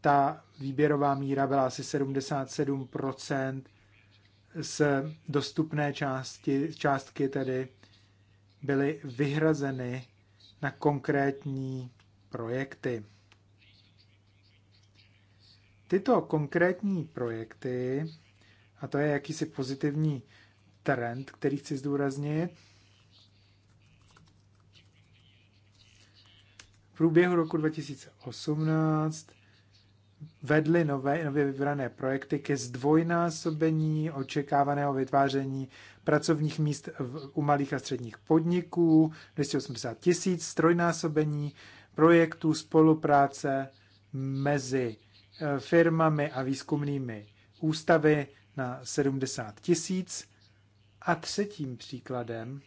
ta výběrová míra byla asi 77 z dostupné části, částky tedy byly vyhrazeny na konkrétní projekty. Tyto konkrétní projekty, a to je jakýsi pozitivní trend, který chci zdůraznit. V průběhu roku 2018 vedly nové, nově vybrané projekty ke zdvojnásobení očekávaného vytváření pracovních míst v, u malých a středních podniků, 280 tisíc, strojnásobení projektů spolupráce mezi e, firmami a výzkumnými ústavy na 70 tisíc a třetím příkladem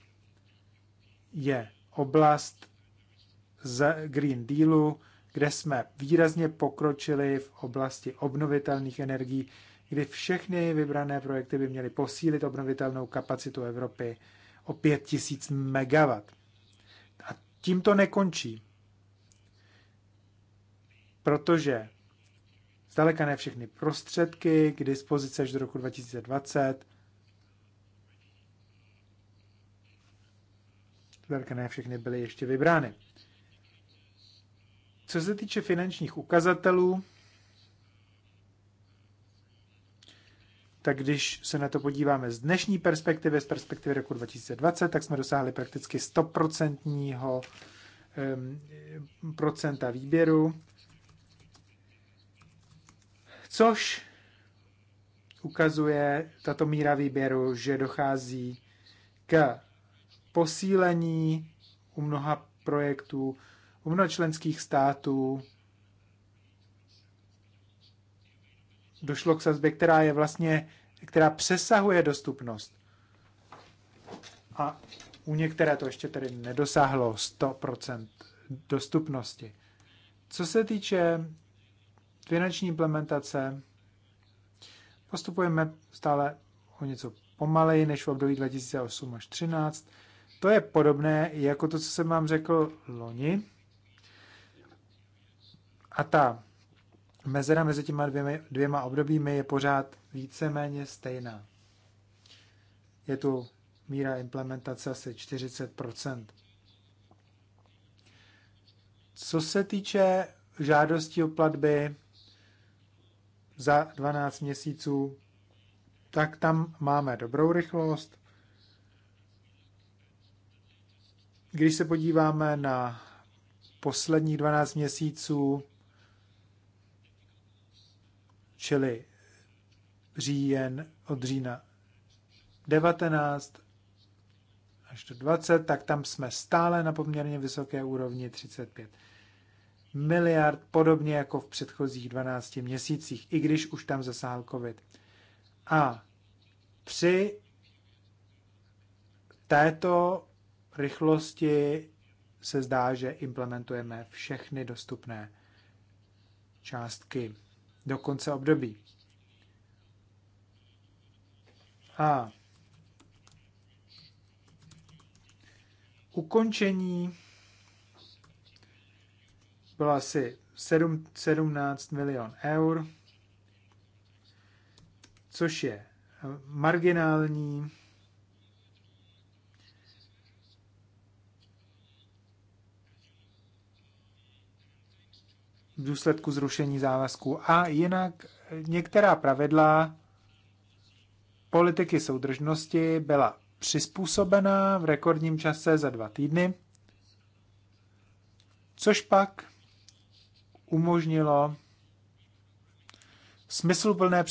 je oblast z Green Dealu, kde jsme výrazně pokročili v oblasti obnovitelných energií, kdy všechny vybrané projekty by měly posílit obnovitelnou kapacitu Evropy o 5000 MW. A tím to nekončí, protože zdaleka ne všechny prostředky k dispozici až do roku 2020 velké ne všechny byly ještě vybrány. Co se týče finančních ukazatelů, tak když se na to podíváme z dnešní perspektivy, z perspektivy roku 2020, tak jsme dosáhli prakticky 100% procenta výběru, což ukazuje tato míra výběru, že dochází k posílení u mnoha projektů, u mnoha členských států. Došlo k sazbě, která je vlastně, která přesahuje dostupnost. A u některé to ještě tedy nedosáhlo 100% dostupnosti. Co se týče finanční implementace, postupujeme stále o něco pomaleji než v období 2008 až 2013. To je podobné jako to, co jsem vám řekl loni. A ta mezera mezi těma dvěma, dvěma obdobími je pořád víceméně stejná. Je tu míra implementace asi 40%. Co se týče žádosti o platby za 12 měsíců, tak tam máme dobrou rychlost. Když se podíváme na posledních 12 měsíců, čili říjen od října 19 až do 20, tak tam jsme stále na poměrně vysoké úrovni 35 miliard, podobně jako v předchozích 12 měsících, i když už tam zasáhl COVID. A při této rychlosti se zdá, že implementujeme všechny dostupné částky do konce období. A ukončení bylo asi 7, 17 milion eur, což je marginální v důsledku zrušení závazků. A jinak některá pravidla politiky soudržnosti byla přizpůsobená v rekordním čase za dva týdny, což pak umožnilo smysluplné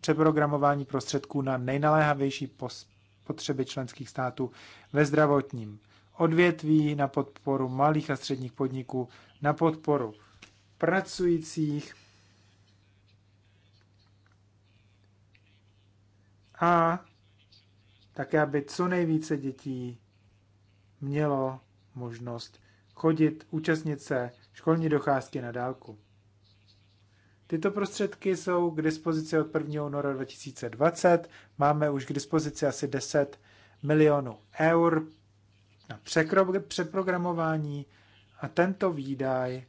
přeprogramování prostředků na nejnaléhavější potřeby členských států ve zdravotním odvětví, na podporu malých a středních podniků, na podporu pracujících a také, aby co nejvíce dětí mělo možnost chodit, účastnit se školní docházky na dálku. Tyto prostředky jsou k dispozici od 1. února 2020. Máme už k dispozici asi 10 milionů eur na přeprogramování a tento výdaj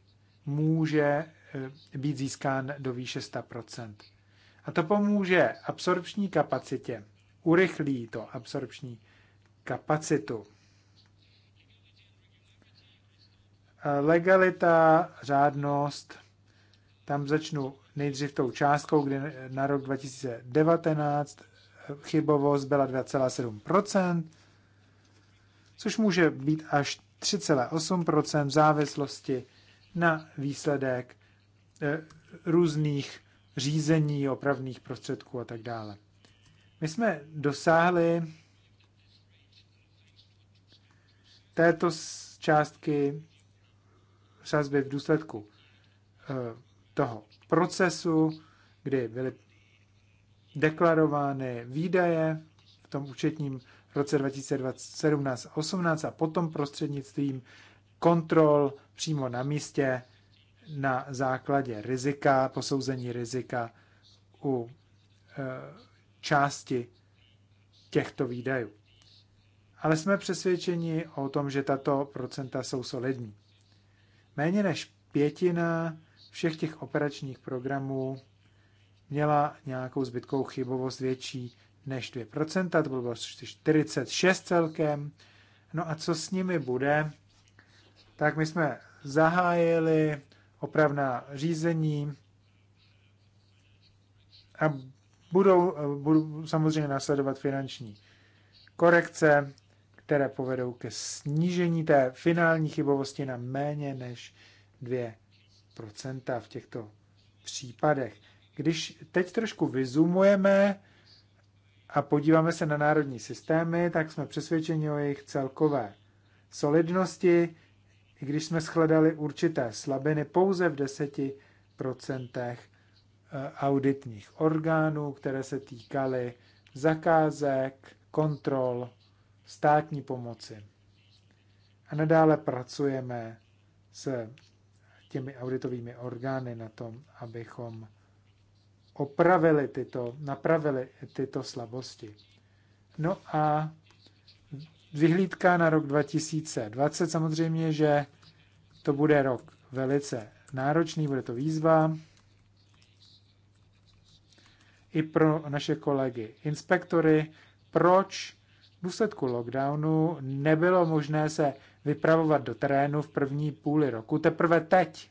může eh, být získán do výše 100%. A to pomůže absorpční kapacitě, urychlí to absorpční kapacitu. Eh, legalita, řádnost, tam začnu nejdřív tou částkou, kde na rok 2019 eh, chybovost byla 2,7%, což může být až 3,8% v závislosti na výsledek eh, různých řízení, opravných prostředků a tak dále. My jsme dosáhli této částky sazby v důsledku eh, toho procesu, kdy byly deklarovány výdaje v tom účetním roce 2017-18 a potom prostřednictvím kontrol přímo na místě na základě rizika, posouzení rizika u e, části těchto výdajů. Ale jsme přesvědčeni o tom, že tato procenta jsou solidní. Méně než pětina všech těch operačních programů měla nějakou zbytkovou chybovost větší než 2%, to bylo 46 celkem. No a co s nimi bude? tak my jsme zahájili opravná řízení a budou, budou samozřejmě následovat finanční korekce, které povedou ke snížení té finální chybovosti na méně než 2% v těchto případech. Když teď trošku vyzumujeme a podíváme se na národní systémy, tak jsme přesvědčeni o jejich celkové solidnosti i když jsme shledali určité slabiny pouze v 10% eh, auditních orgánů, které se týkaly zakázek, kontrol, státní pomoci. A nadále pracujeme s těmi auditovými orgány na tom, abychom opravili tyto, napravili tyto slabosti. No a vyhlídka na rok 2020 samozřejmě, že to bude rok velice náročný, bude to výzva i pro naše kolegy inspektory, proč v důsledku lockdownu nebylo možné se vypravovat do terénu v první půli roku, teprve teď.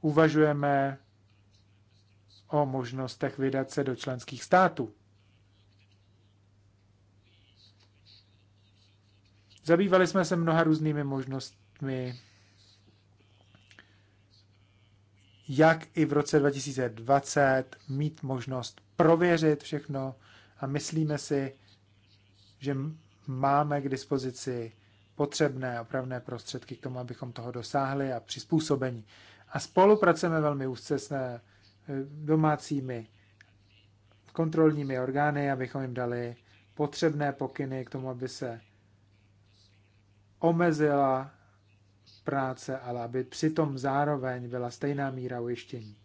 Uvažujeme o možnostech vydat se do členských států. Zabývali jsme se mnoha různými možnostmi, jak i v roce 2020 mít možnost prověřit všechno a myslíme si, že máme k dispozici potřebné opravné prostředky k tomu, abychom toho dosáhli a přizpůsobení. A spolupracujeme velmi úzce s eh, domácími kontrolními orgány, abychom jim dali potřebné pokyny k tomu, aby se omezila práce, ale aby přitom zároveň byla stejná míra ujištění.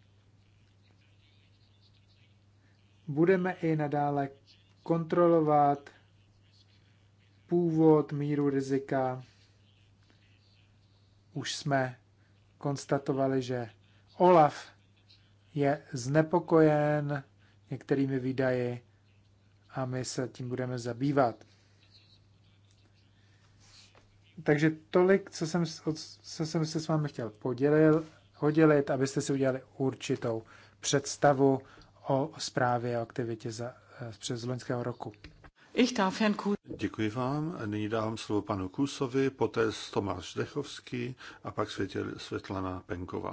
Budeme i nadále kontrolovat původ, míru rizika. Už jsme konstatovali, že Olaf je znepokojen některými výdaji a my se tím budeme zabývat. Takže tolik, co jsem, co jsem se s vámi chtěl podělil, podělit, abyste si udělali určitou představu o zprávě a aktivitě za, přes loňského roku. Ich darf Herrn Kuh. Děkuji vám. Nyní dávám slovo panu Kusovi, poté Tomáš Dechovský a pak Světlana Penková.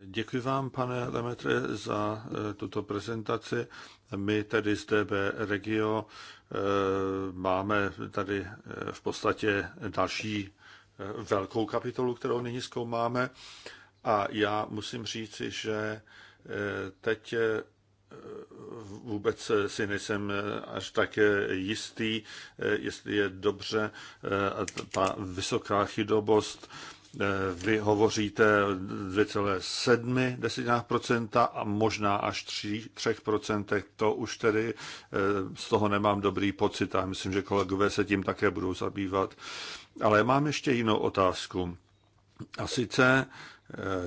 Děkuji vám, pane Lemetre, za eh, tuto prezentaci. My tedy z DB Regio eh, máme tady eh, v podstatě další velkou kapitolu, kterou nyní zkoumáme. A já musím říci, že teď vůbec si nejsem až tak jistý, jestli je dobře ta vysoká chydobost Eh, vy hovoříte 2,7 procenta a možná až 3%, to už tedy eh, z toho nemám dobrý pocit a myslím, že kolegové se tím také budou zabývat. Ale mám ještě jinou otázku. A sice eh,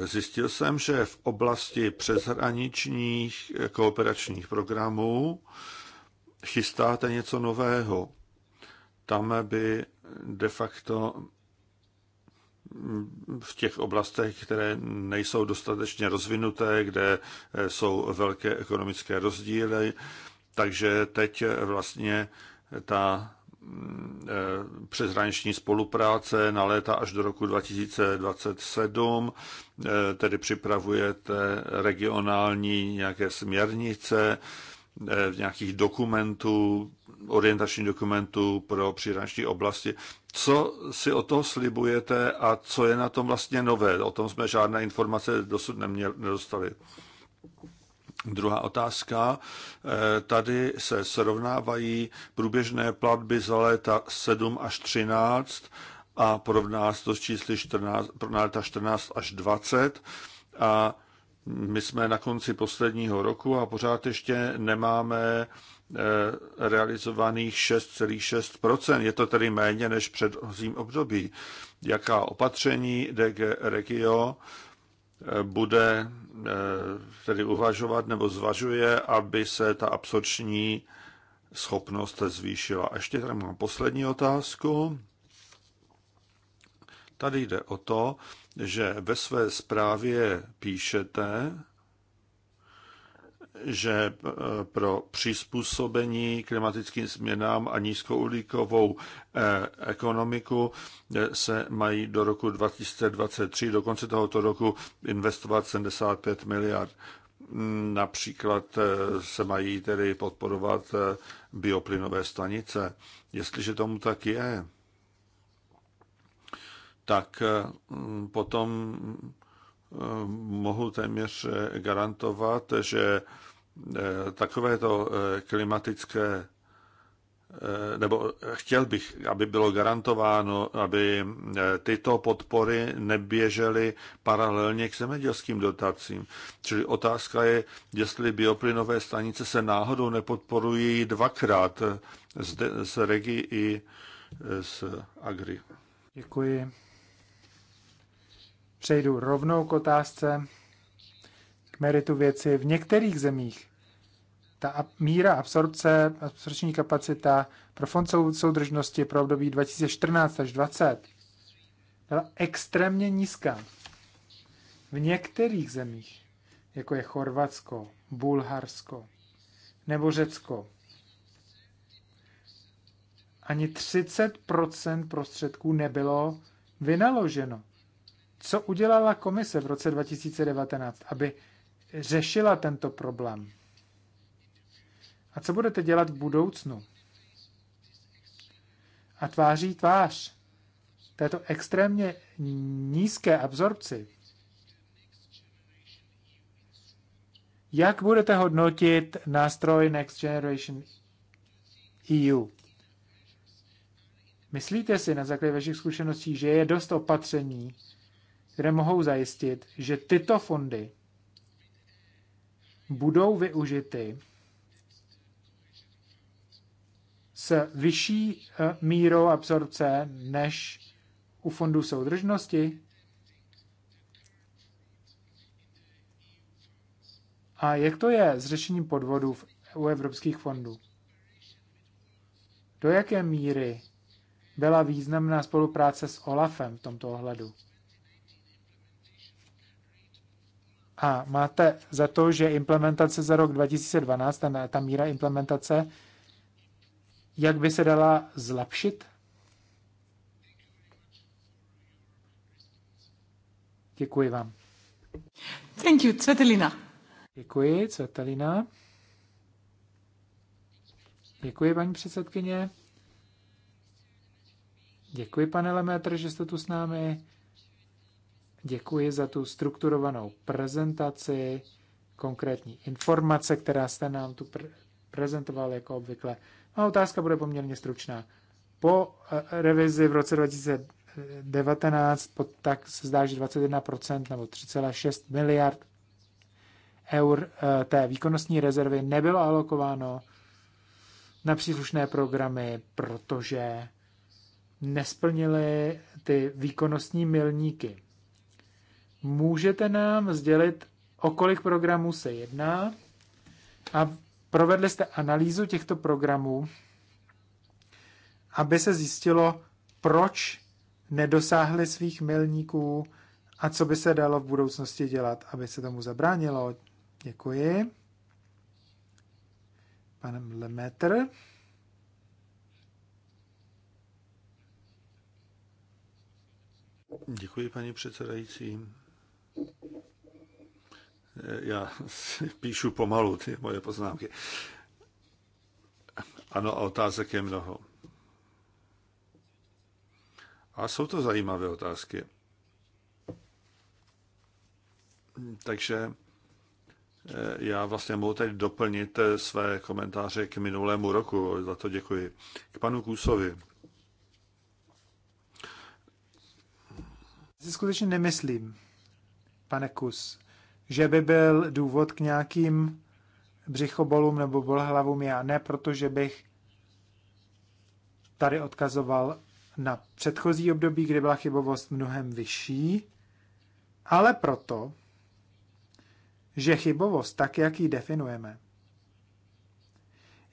zjistil jsem, že v oblasti přeshraničních kooperačních programů chystáte něco nového. Tam by de facto v těch oblastech, které nejsou dostatečně rozvinuté, kde eh, jsou velké ekonomické rozdíly. Takže teď vlastně ta mm, eh, přeshraniční spolupráce na léta až do roku 2027, eh, tedy připravujete regionální nějaké směrnice, nějakých dokumentů, orientační dokumentu pro příhraniční oblasti. Co si o toho slibujete a co je na tom vlastně nové? O tom jsme žádné informace dosud neměl, nedostali. Druhá otázka. Eh, tady se srovnávají průběžné platby za léta 7 až 13 a porovná se to s čísly 14, pro léta 14 až 20. A my jsme na konci posledního roku a pořád ještě nemáme Eh, realizovaných 6,6 Je to tedy méně než předchozím období. Jaká opatření DG Regio eh, bude eh, tedy uvažovat nebo zvažuje, aby se ta absorční schopnost zvýšila. A ještě tady mám poslední otázku. Tady jde o to, že ve své zprávě píšete, že e, pro přizpůsobení klimatickým změnám a nízkouhlíkovou e, ekonomiku e, se mají do roku 2023, do konce tohoto roku, investovat 75 miliard. Například se mají tedy podporovat bioplynové stanice. Jestliže tomu tak je, tak potom mohu téměř eh, garantovat, že eh, takovéto eh, klimatické nebo chtěl bych, aby bylo garantováno, aby tyto podpory neběžely paralelně k zemědělským dotacím. Čili otázka je, jestli bioplynové stanice se náhodou nepodporují dvakrát z, de, z Regi i z Agri. Děkuji. Přejdu rovnou k otázce, k meritu věci. V některých zemích ta míra absorpce, absorpční kapacita pro fond soudržnosti pro období 2014 až 2020 byla extrémně nízká. V některých zemích, jako je Chorvatsko, Bulharsko nebo Řecko, ani 30 prostředků nebylo vynaloženo. Co udělala komise v roce 2019, aby řešila tento problém? A co budete dělat v budoucnu? A tváří tvář této extrémně nízké absorpci, jak budete hodnotit nástroj Next Generation EU? Myslíte si na základě vašich zkušeností, že je dost opatření, které mohou zajistit, že tyto fondy budou využity s vyšší eh, mírou absorpce než u fondů soudržnosti? A jak to je s řešením podvodů u evropských fondů? Do jaké míry byla významná spolupráce s OLAFem v tomto ohledu? A máte za to, že implementace za rok 2012, ta, ta míra implementace, jak by se dala zlepšit? Děkuji vám. Thank you, Cvetelina. Děkuji, Cvetelina. Děkuji, paní předsedkyně. Děkuji, pane Lemetr, že jste tu s námi. Děkuji za tu strukturovanou prezentaci, konkrétní informace, která jste nám tu pr- prezentoval jako obvykle. A otázka bude poměrně stručná. Po eh, revizi v roce 2019, pod tak se zdá, že 21% nebo 3,6 miliard eur eh, té výkonnostní rezervy nebylo alokováno na příslušné programy, protože nesplnili ty výkonnostní milníky. Můžete nám sdělit, o kolik programů se jedná a provedli jste analýzu těchto programů, aby se zjistilo, proč nedosáhli svých milníků a co by se dalo v budoucnosti dělat, aby se tomu zabránilo. Děkuji. Panem Lemetr. Děkuji, paní předsedající. Já si píšu pomalu ty moje poznámky. Ano, a otázek je mnoho. A jsou to zajímavé otázky. Takže eh, já vlastně mohu teď doplnit eh, své komentáře k minulému roku, za to děkuji. K panu Kůsovi. Si skutečně nemyslím, pane Kus, že by byl důvod k nějakým břichobolům nebo bolhlavům. Já ne, protože bych tady odkazoval na předchozí období, kdy byla chybovost mnohem vyšší, ale proto, že chybovost, tak jak ji definujeme,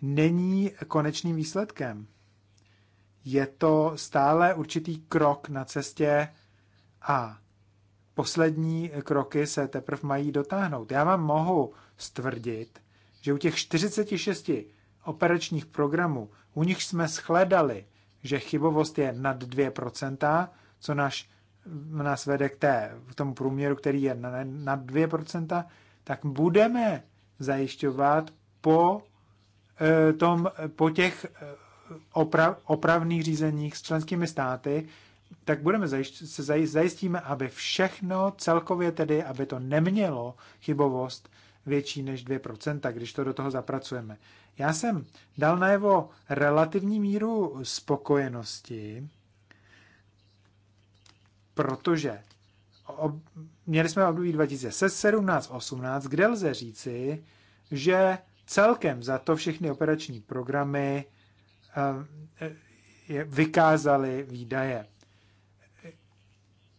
není konečným výsledkem. Je to stále určitý krok na cestě a poslední kroky se teprve mají dotáhnout. Já vám mohu stvrdit, že u těch 46 operačních programů, u nich jsme shledali, že chybovost je nad 2%, co náš, nás vede k, té, k tomu průměru, který je nad 2%, tak budeme zajišťovat po, eh, tom, po těch eh, opra, opravných řízeních s členskými státy, tak budeme zajišť, se zaj, zajistíme, aby všechno celkově tedy, aby to nemělo chybovost větší než 2%, když to do toho zapracujeme. Já jsem dal najevo relativní míru spokojenosti, protože ob, měli jsme období 2017-18, kde lze říci, že celkem za to všechny operační programy eh, eh, vykázaly výdaje.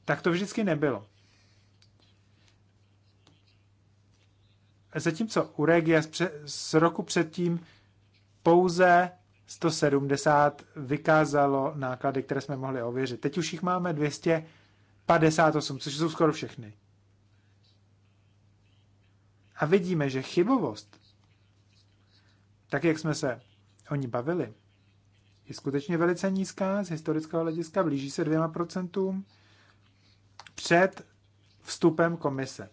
Tak to vždycky nebylo. Zatímco u Regia z roku předtím pouze 170 vykázalo náklady, které jsme mohli ověřit. Teď už jich máme 258, což jsou skoro všechny. A vidíme, že chybovost, tak jak jsme se o ní bavili, je skutečně velice nízká z historického hlediska, blíží se dvěma procentům před vstupem komise.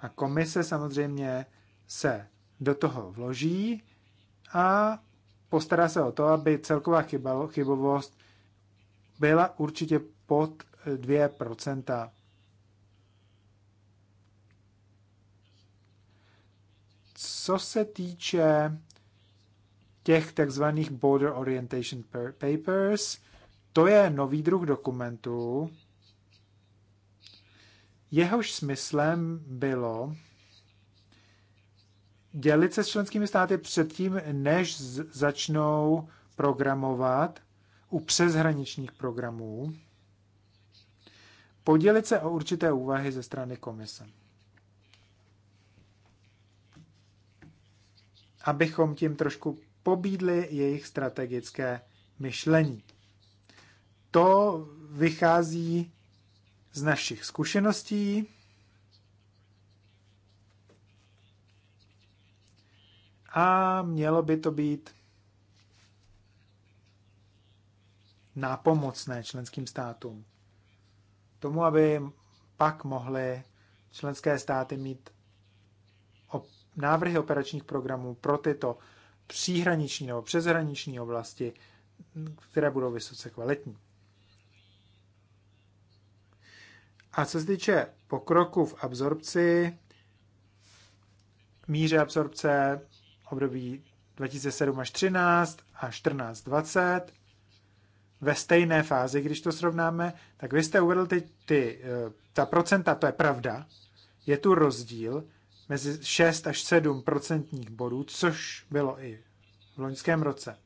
A komise samozřejmě se do toho vloží a postará se o to, aby celková chybovost byla určitě pod 2%. Co se týče těch takzvaných Border Orientation Papers, to je nový druh dokumentů, Jehož smyslem bylo dělit se s členskými státy předtím, než začnou programovat u přeshraničních programů, podělit se o určité úvahy ze strany komise. Abychom tím trošku pobídli jejich strategické myšlení. To vychází z našich zkušeností. A mělo by to být nápomocné členským státům. Tomu, aby pak mohly členské státy mít op- návrhy operačních programů pro tyto příhraniční nebo přeshraniční oblasti, které budou vysoce kvalitní. A co se týče pokroku v absorpci, míře absorpce období 2007 až 13 a 14 20 ve stejné fázi, když to srovnáme, tak vy jste uvedl ty, ty, eh, ta procenta, to je pravda, je tu rozdíl mezi 6 až 7 procentních bodů, což bylo i v loňském roce.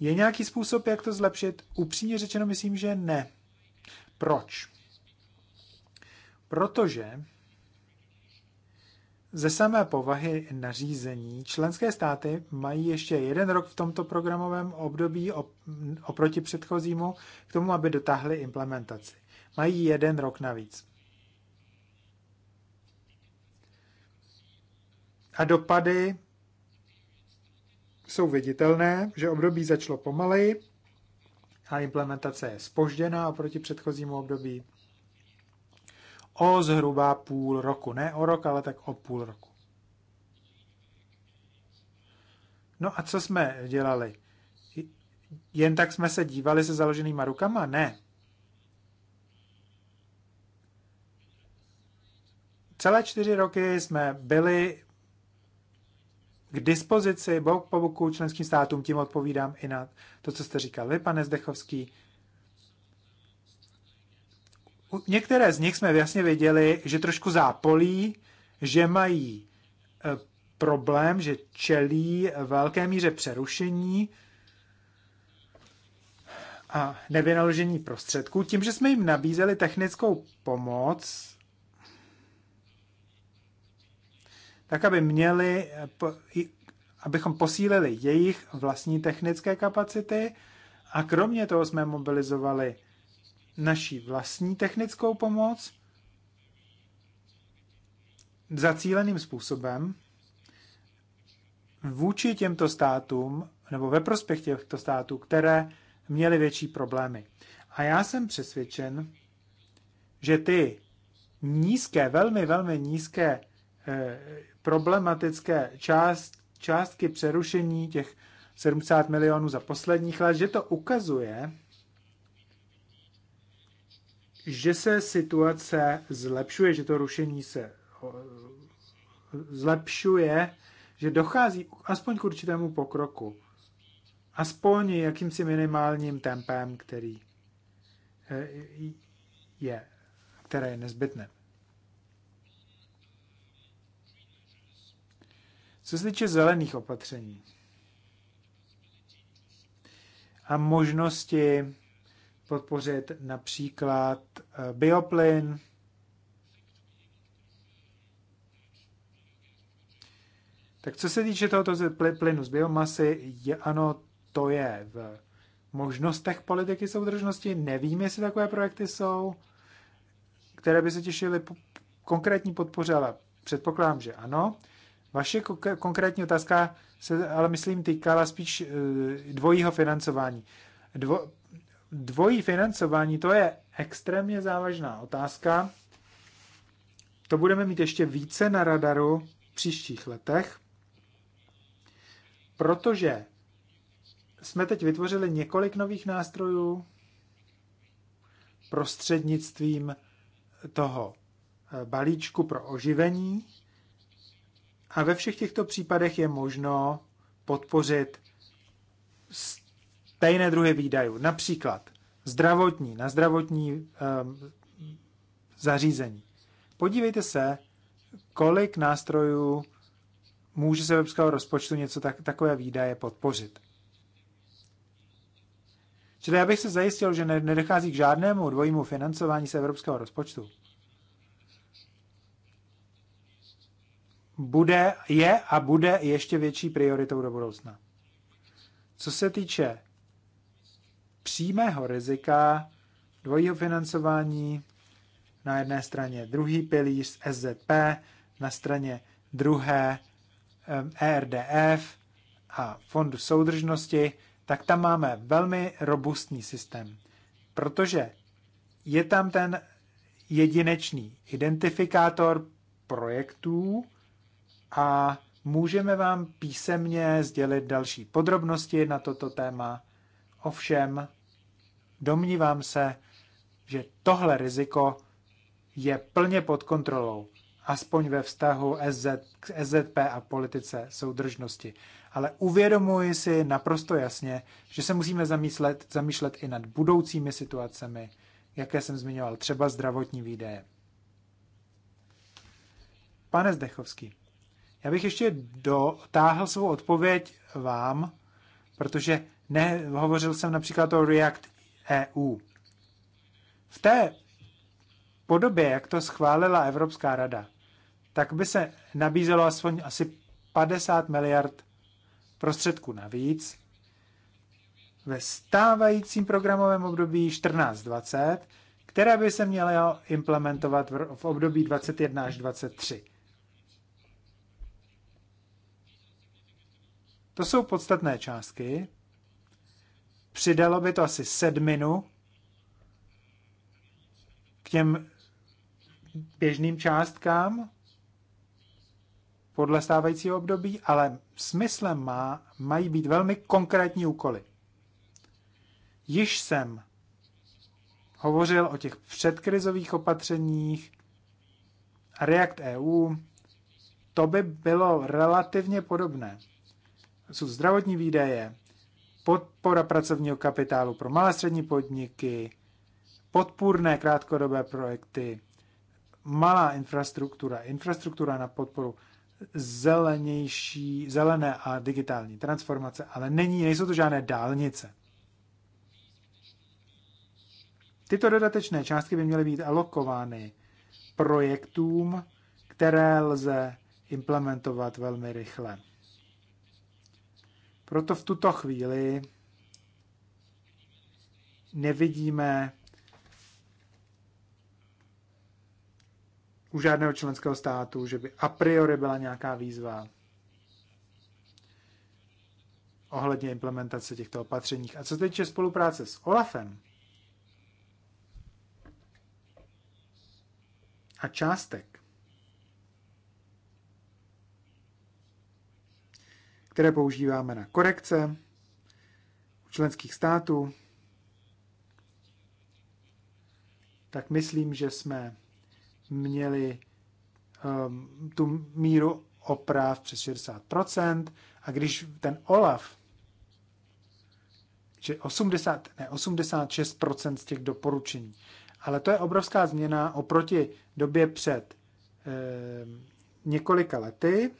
Je nějaký způsob, jak to zlepšit? Upřímně řečeno myslím, že ne. Proč? Protože ze samé povahy nařízení členské státy mají ještě jeden rok v tomto programovém období oproti předchozímu k tomu, aby dotáhly implementaci. Mají jeden rok navíc. A dopady jsou viditelné, že období začalo pomaleji a implementace je spožděná oproti předchozímu období o zhruba půl roku. Ne o rok, ale tak o půl roku. No a co jsme dělali? Jen tak jsme se dívali se založenýma rukama? Ne. Celé čtyři roky jsme byli k dispozici bok po boku členským státům, tím odpovídám i na to, co jste říkal vy, pane Zdechovský, některé z nich jsme jasně věděli, že trošku zápolí, že mají e, problém, že čelí velké míře přerušení a nevynaložení prostředků. Tím, že jsme jim nabízeli technickou pomoc, tak aby měli, e, abychom posílili jejich vlastní technické kapacity a kromě toho jsme mobilizovali naší vlastní technickou pomoc zacíleným způsobem vůči těmto státům nebo ve prospěch těchto států, které měly větší problémy. A já jsem přesvědčen, že ty nízké, velmi, velmi nízké eh, problematické část, částky přerušení těch 70 milionů za posledních let, že to ukazuje, že se situace zlepšuje, že to rušení se zlepšuje, že dochází aspoň k určitému pokroku. Aspoň jakýmsi minimálním tempem, který e, je, které je nezbytné. Co se týče zelených opatření a možnosti podpořit například eh, bioplyn, Tak co se týče tohoto plynu z biomasy, je, ano, to je v možnostech politiky soudržnosti. Nevím, jestli takové projekty jsou, které by se těšily konkrétní podpoře, ale předpokládám, že ano. Vaše konkrétní otázka se ale, myslím, týkala spíš eh, dvojího financování. Dvo, dvojí financování, to je extrémně závažná otázka. To budeme mít ještě více na radaru v příštích letech, protože jsme teď vytvořili několik nových nástrojů prostřednictvím toho eh, balíčku pro oživení. A ve všech těchto případech je možno podpořit stejné druhy výdajů, například zdravotní, na zdravotní um, zařízení. Podívejte se, kolik nástrojů může z evropského rozpočtu něco tak, takové výdaje podpořit. Čili bych se zajistil, že nedochází k žádnému dvojímu financování z evropského rozpočtu. Bude, je a bude ještě větší prioritou do budoucna. Co se týče přímého rizika dvojího financování na jedné straně druhý pilíř SZP, na straně druhé ERDF e a Fondu soudržnosti, tak tam máme velmi robustní systém, protože je tam ten jedinečný identifikátor projektů a můžeme vám písemně sdělit další podrobnosti na toto téma. Ovšem, Domnívám se, že tohle riziko je plně pod kontrolou, aspoň ve vztahu SZ, k SZP a politice soudržnosti. Ale uvědomuji si naprosto jasně, že se musíme zamýšlet, zamýšlet i nad budoucími situacemi, jaké jsem zmiňoval, třeba zdravotní výdaje. Pane Zdechovský, já bych ještě dotáhl svou odpověď vám, protože nehovořil jsem například o React EU. V té podobě, jak to schválila Evropská rada, tak by se nabízelo aspoň asi 50 miliard prostředků navíc. Ve stávajícím programovém období 14-20, které by se mělo implementovat v období 21 až 23. To jsou podstatné částky, Přidalo by to asi sedminu k těm běžným částkám podle stávajícího období, ale smyslem má, mají být velmi konkrétní úkoly. Již jsem hovořil o těch předkrizových opatřeních, React EU, to by bylo relativně podobné. Jsou zdravotní výdaje, podpora pracovního kapitálu pro malé střední podniky, podpůrné krátkodobé projekty, malá infrastruktura, infrastruktura na podporu zelenější, zelené a digitální transformace, ale není, nejsou to žádné dálnice. Tyto dodatečné částky by měly být alokovány projektům, které lze implementovat velmi rychle. Proto v tuto chvíli nevidíme u žádného členského státu, že by a priori byla nějaká výzva ohledně implementace těchto opatření. A co se týče spolupráce s OLAFem a částek, které používáme na korekce u členských států, tak myslím, že jsme měli um, tu míru oprav přes 60%. A když ten OLAF, že 80, ne, 86% z těch doporučení, ale to je obrovská změna oproti době před e, několika lety,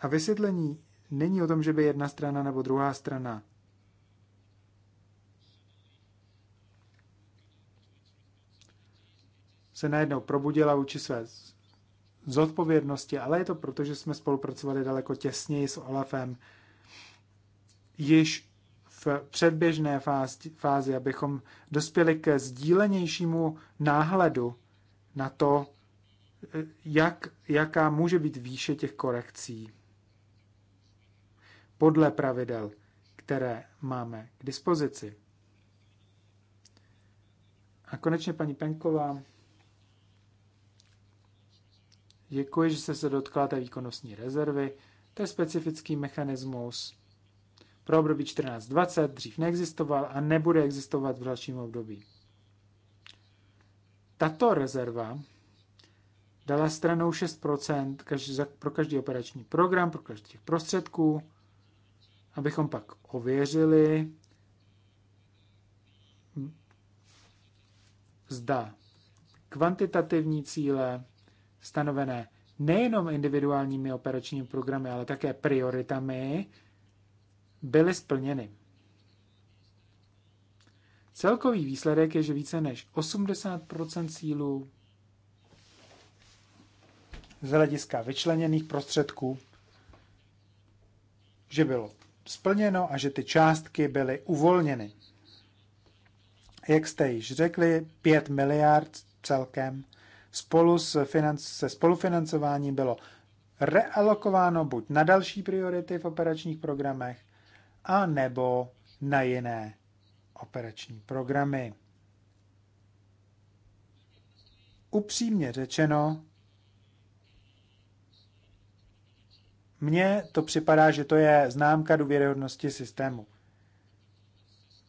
A vysvětlení není o tom, že by jedna strana nebo druhá strana se najednou probudila vůči své zodpovědnosti, ale je to proto, že jsme spolupracovali daleko těsněji s Olafem již v předběžné fázi, fázi, abychom dospěli ke sdílenějšímu náhledu na to, eh, jak, jaká může být výše těch korekcí podle pravidel, které máme k dispozici. A konečně paní Penková, děkuji, že jste se dotkla té výkonnostní rezervy. To je specifický mechanismus pro období 14-20, dřív neexistoval a nebude existovat v dalším období. Tato rezerva dala stranou 6% pro každý operační program, pro každý těch prostředků, abychom pak ověřili, zda kvantitativní cíle stanovené nejenom individuálními operačními programy, ale také prioritami byly splněny. Celkový výsledek je, že více než 80 cílů z hlediska vyčleněných prostředků, že bylo splněno a že ty částky byly uvolněny. Jak jste již řekli, 5 miliard celkem spolu s financ- se spolufinancováním bylo realokováno buď na další priority v operačních programech, a nebo na jiné operační programy. Upřímně řečeno, Mně to připadá, že to je známka důvěryhodnosti systému.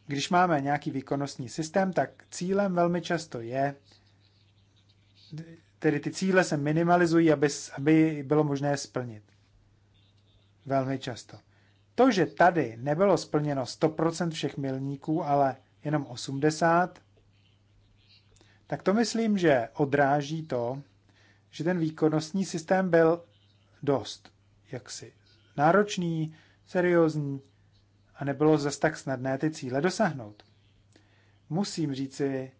Když máme nějaký výkonnostní systém, tak cílem velmi často je, tedy ty cíle se minimalizují, aby, aby bylo možné splnit. Velmi často. To, že tady nebylo splněno 100% všech milníků, ale jenom 80, tak to myslím, že odráží to, že ten výkonnostní systém byl dost jaksi náročný, seriózní a nebylo zas tak snadné ty cíle dosáhnout. Musím říci,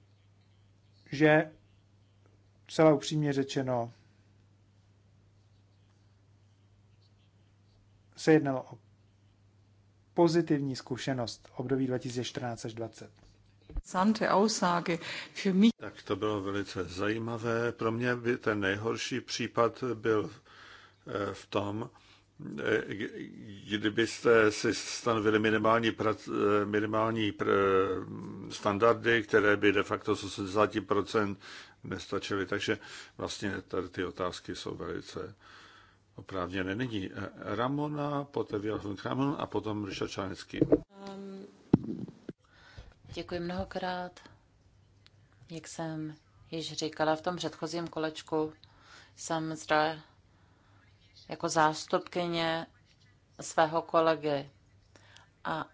že celá upřímně řečeno se jednalo o pozitivní zkušenost období 2014 až 2020. Tak to bylo velice zajímavé. Pro mě by ten nejhorší případ byl Eh, v tom, eh, kdybyste si stanovili minimální, prac, eh, minimální pr, standardy, které by de facto 80% nestačily. Takže vlastně tady ty otázky jsou velice oprávněné. Není Ramona, poté Vilhelm Kramon a potom Richard Čánecký. Um, děkuji mnohokrát. Jak jsem již říkala v tom předchozím kolečku, jsem zda jako zástupkyně svého kolegy. A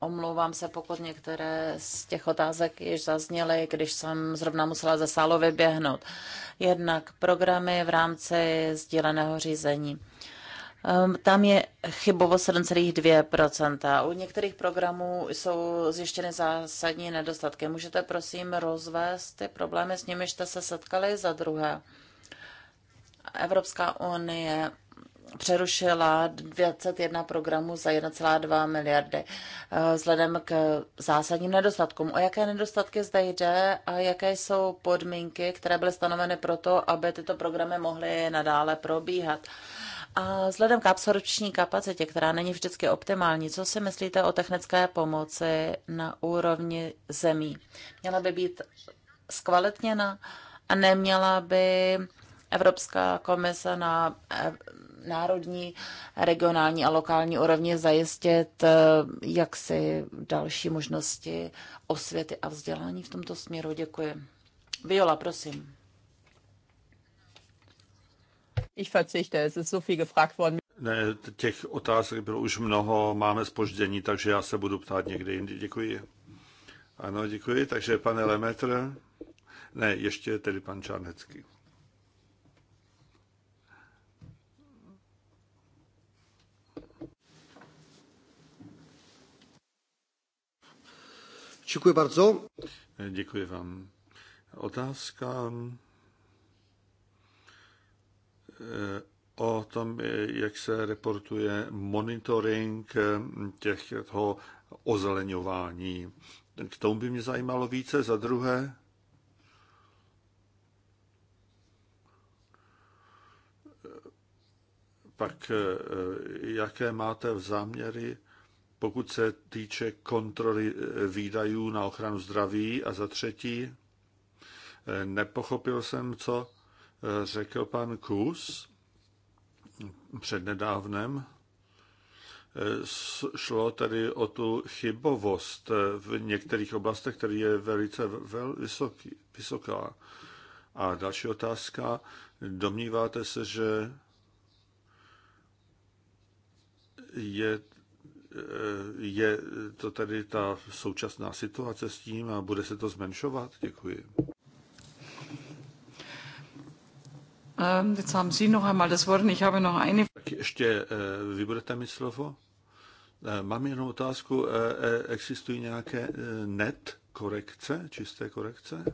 omlouvám se, pokud některé z těch otázek již zazněly, když jsem zrovna musela ze sálu vyběhnout. Jednak programy v rámci sdíleného řízení. Ehm, tam je chybovo 7,2%. U některých programů jsou zjištěny zásadní nedostatky. Můžete prosím rozvést ty problémy, s nimiž jste se setkali za druhé? Evropská unie přerušila 21 programů za 1,2 miliardy eh, vzhledem k zásadním nedostatkům. O jaké nedostatky zde jde a jaké jsou podmínky, které byly stanoveny pro to, aby tyto programy mohly nadále probíhat? A vzhledem k absorpční kapacitě, která není vždycky optimální, co si myslíte o technické pomoci na úrovni zemí? Měla by být zkvalitněna a neměla by Evropská komise na národní, regionální a lokální úrovni zajistit eh, jaksi další možnosti osvěty a vzdělání v tomto směru. Děkuji. Viola, prosím. Ich verzichte, es ist so viel gefragt worden. Ne, těch otázek bylo už mnoho, máme spoždění, takže já se budu ptát někdy jindy. Děkuji. Ano, děkuji. Takže pane Lemetr, ne, ještě tedy pan Čarnecký. Děkuji bardzo. Děkuji vám. Otázka eh, o tom, jak se reportuje monitoring eh, těch toho ozeleňování. K tomu by mě zajímalo více. Za druhé, eh, pak jaké máte v záměry pokud se týče kontroly eh, výdajů na ochranu zdraví a za třetí, eh, nepochopil jsem, co eh, řekl pan Kus přednedávnem. Šlo tedy o tu chybovost v některých oblastech, který je velice vel, vysoký, vysoká. A další otázka. Domníváte se, že je je to tady ta současná situace s tím a bude se to zmenšovat? Děkuji. Ähm, tak ještě eh, vy budete mít slovo? Eh, mám jenom otázku. Eh, existují nějaké net korekce, čisté korekce?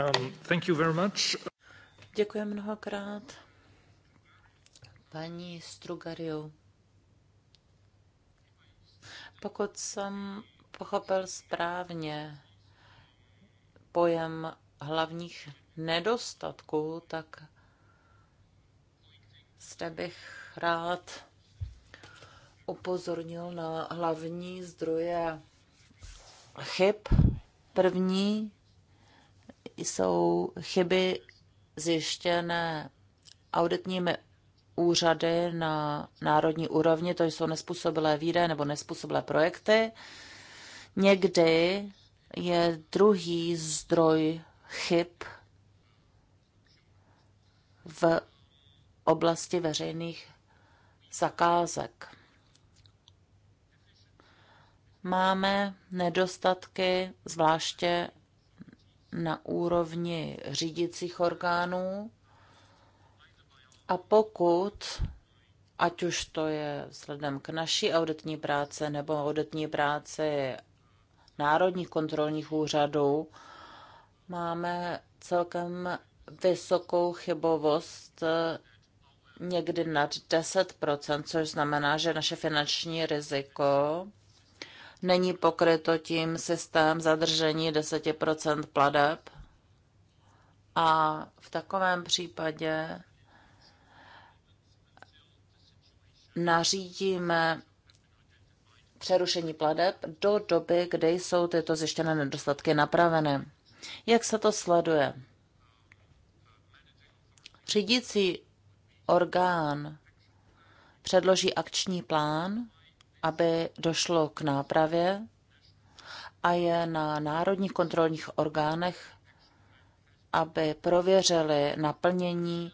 Um, thank you very much. Děkuji mnohokrát. Paní Strugariu, pokud jsem pochopil správně pojem hlavních nedostatků, tak zde bych rád upozornil na hlavní zdroje chyb. První jsou chyby zjištěné auditními úřady na národní úrovni, to jsou nespůsobilé výdaje nebo nespůsobilé projekty. Někdy je druhý zdroj chyb v oblasti veřejných zakázek. Máme nedostatky zvláště na úrovni řídicích orgánů a pokud, ať už to je vzhledem k naší auditní práci nebo auditní práci národních kontrolních úřadů, máme celkem vysokou chybovost někdy nad 10%, což znamená, že naše finanční riziko není pokryto tím systém zadržení 10% pladeb. A v takovém případě nařídíme přerušení pladeb do doby, kdy jsou tyto zjištěné nedostatky napraveny. Jak se to sleduje? Řídící orgán předloží akční plán aby došlo k nápravě a je na národních kontrolních orgánech, aby prověřili naplnění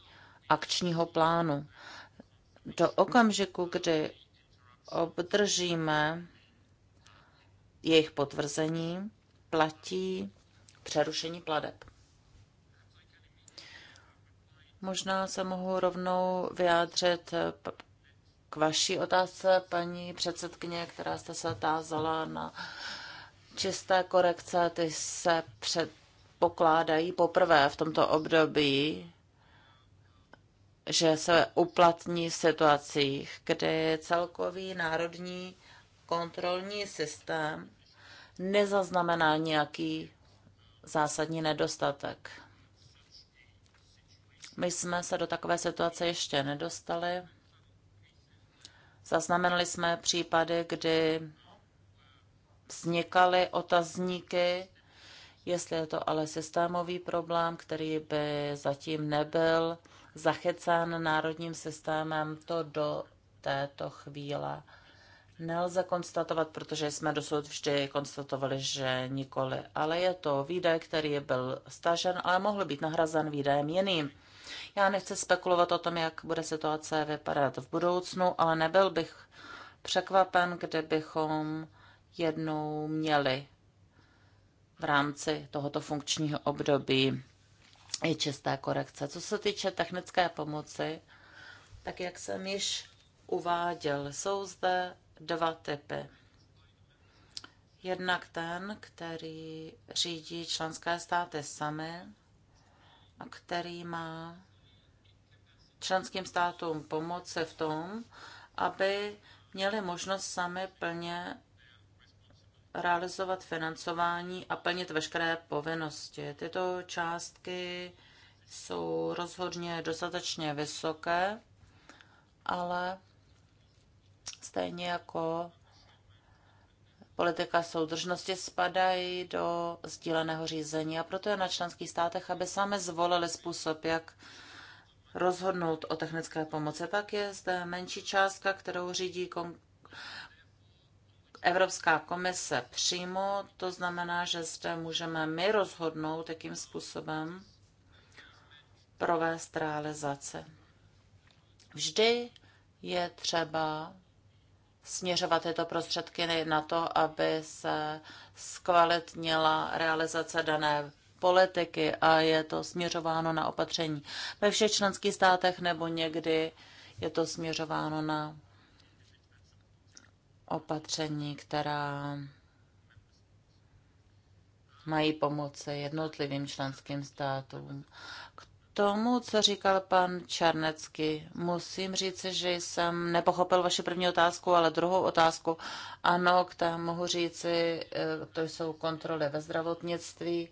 akčního plánu. Do okamžiku, kdy obdržíme jejich potvrzení, platí přerušení pladeb. Možná se mohu rovnou vyjádřit k vaší otázce, paní předsedkyně, která jste se tázala na čisté korekce, ty se předpokládají poprvé v tomto období, že se uplatní v situacích, kdy celkový národní kontrolní systém nezaznamená nějaký zásadní nedostatek. My jsme se do takové situace ještě nedostali. Zaznamenali jsme případy, kdy vznikaly otazníky, jestli je to ale systémový problém, který by zatím nebyl zachycen národním systémem, to do této chvíle nelze konstatovat, protože jsme dosud vždy konstatovali, že nikoli. Ale je to výdaj, který byl stažen, ale mohl být nahrazen výdajem jiným. Já nechci spekulovat o tom, jak bude situace vypadat v budoucnu, ale nebyl bych překvapen, kdybychom jednou měli v rámci tohoto funkčního období i čisté korekce. Co se týče technické pomoci, tak jak jsem již uváděl, jsou zde dva typy. Jednak ten, který řídí členské státy sami a který má členským státům pomoci v tom, aby měli možnost sami plně realizovat financování a plnit veškeré povinnosti. Tyto částky jsou rozhodně dostatečně vysoké, ale stejně jako politika soudržnosti spadají do sdíleného řízení a proto je na členských státech, aby sami zvolili způsob, jak rozhodnout o technické pomoci. Pak je zde menší částka, kterou řídí Evropská komise přímo, to znamená, že zde můžeme my rozhodnout, jakým způsobem provést realizaci. Vždy je třeba směřovat tyto prostředky na to, aby se zkvalitnila realizace dané politiky a je to směřováno na opatření ve všech členských státech nebo někdy je to směřováno na opatření, která mají pomoci jednotlivým členským státům. K tomu, co říkal pan Čarnecky, musím říct, že jsem nepochopil vaši první otázku, ale druhou otázku. Ano, k tomu mohu říci, eh, to jsou kontroly ve zdravotnictví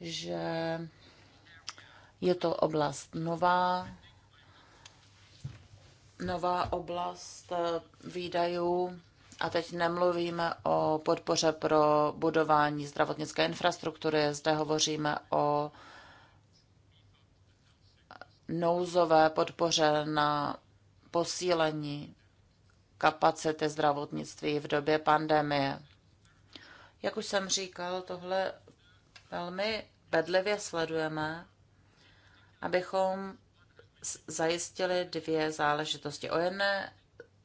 že je to oblast nová, nová oblast eh, výdajů. A teď nemluvíme o podpoře pro budování zdravotnické infrastruktury, zde hovoříme o nouzové podpoře na posílení kapacity zdravotnictví v době pandemie. Jak už jsem říkal, tohle velmi bedlivě sledujeme, abychom zajistili dvě záležitosti. O jedné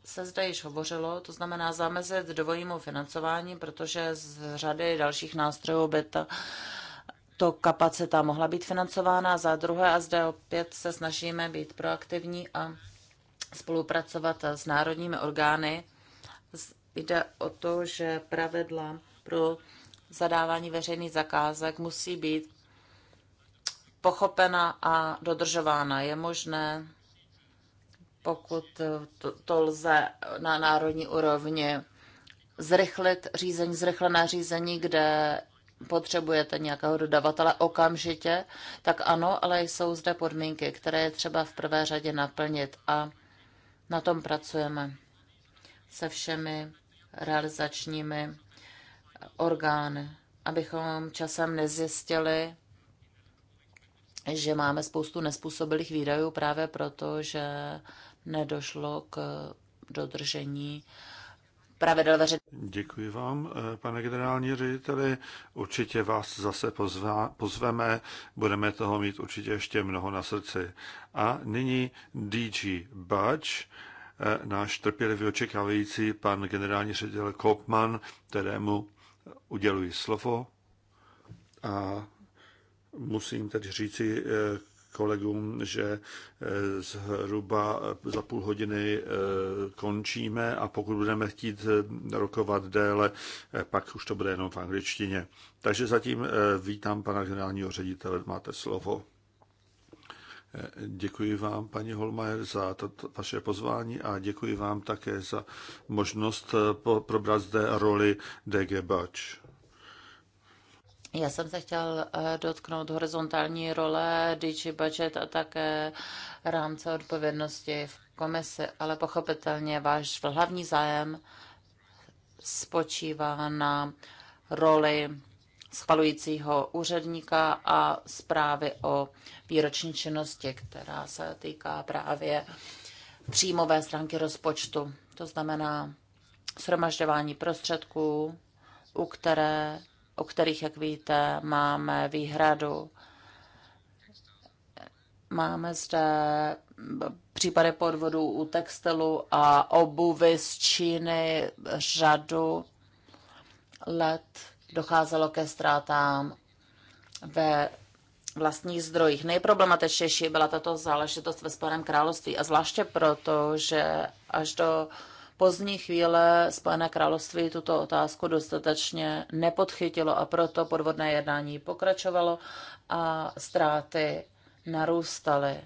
se zde již hovořilo, to znamená zamezit dvojímu financování, protože z řady dalších nástrojů by to, to kapacita mohla být financována. Za druhé, a zde opět se snažíme být proaktivní a spolupracovat s národními orgány. Jde o to, že pravidla pro zadávání veřejných zakázek musí být pochopena a dodržována. Je možné, pokud to, to lze na národní úrovni, zrychlit řízení, zrychlené řízení, kde potřebujete nějakého dodavatele okamžitě, tak ano, ale jsou zde podmínky, které je třeba v prvé řadě naplnit a na tom pracujeme se všemi realizačními orgán, abychom časem nezjistili, že máme spoustu nespůsobilých výdajů právě proto, že nedošlo k dodržení pravidel veřejné. Děkuji vám, eh, pane generální řediteli. Určitě vás zase pozva, pozveme, budeme toho mít určitě ještě mnoho na srdci. A nyní DG Bač, eh, náš trpělivě očekávající pan generální ředitel Kopman, kterému uděluji slovo a musím tedy říci eh, kolegům, že eh, zhruba za půl hodiny eh, končíme a pokud budeme chtít rokovat déle, pak už to bude jenom v angličtině. Takže zatím vítám pana generálního ředitele, máte slovo. Děkuji vám, paní Holmajer, za to, vaše pozvání a děkuji vám také za možnost eh, probrat zde roli DG Bač. Já jsem se chtěl eh, dotknout horizontální role DG Budget a také rámce odpovědnosti v komisi, ale pochopitelně váš hlavní zájem spočívá na roli schvalujícího úředníka a zprávy o výroční činnosti, která se týká právě příjmové stránky rozpočtu. To znamená shromažďování prostředků, u, které, u kterých, jak víte, máme výhradu. Máme zde případy podvodů u textilu a obuvy z Číny řadu let docházelo ke ztrátám ve vlastních zdrojích. Nejproblematičtější byla tato záležitost ve Spojeném království a zvláště proto, že až do pozdní chvíle Spojené království tuto otázku dostatečně nepodchytilo a proto podvodné jednání pokračovalo a ztráty narůstaly.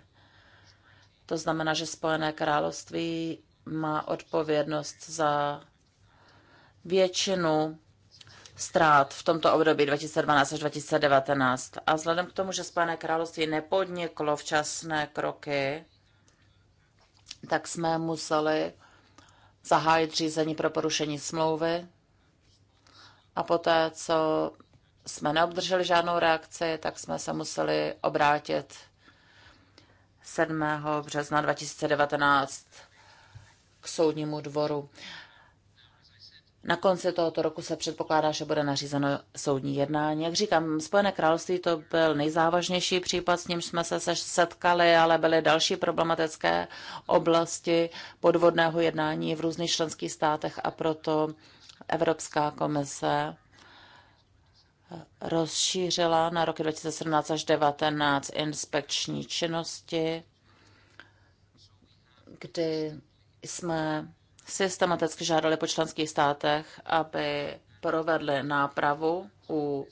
To znamená, že Spojené království má odpovědnost za většinu ztrát v tomto období 2012 až 2019. A vzhledem k tomu, že Spojené království nepodniklo včasné kroky, tak jsme museli zahájit řízení pro porušení smlouvy. A poté, co jsme neobdrželi žádnou reakci, tak jsme se museli obrátit 7. března 2019 k soudnímu dvoru. Na konci tohoto roku se předpokládá, že bude nařízeno soudní jednání. Jak říkám, Spojené království to byl nejzávažnější případ, s ním jsme se setkali, ale byly další problematické oblasti podvodného jednání v různých členských státech a proto Evropská komise rozšířila na roky 2017 až 2019 inspekční činnosti, kdy jsme systematicky žádali po členských státech, aby provedli nápravu u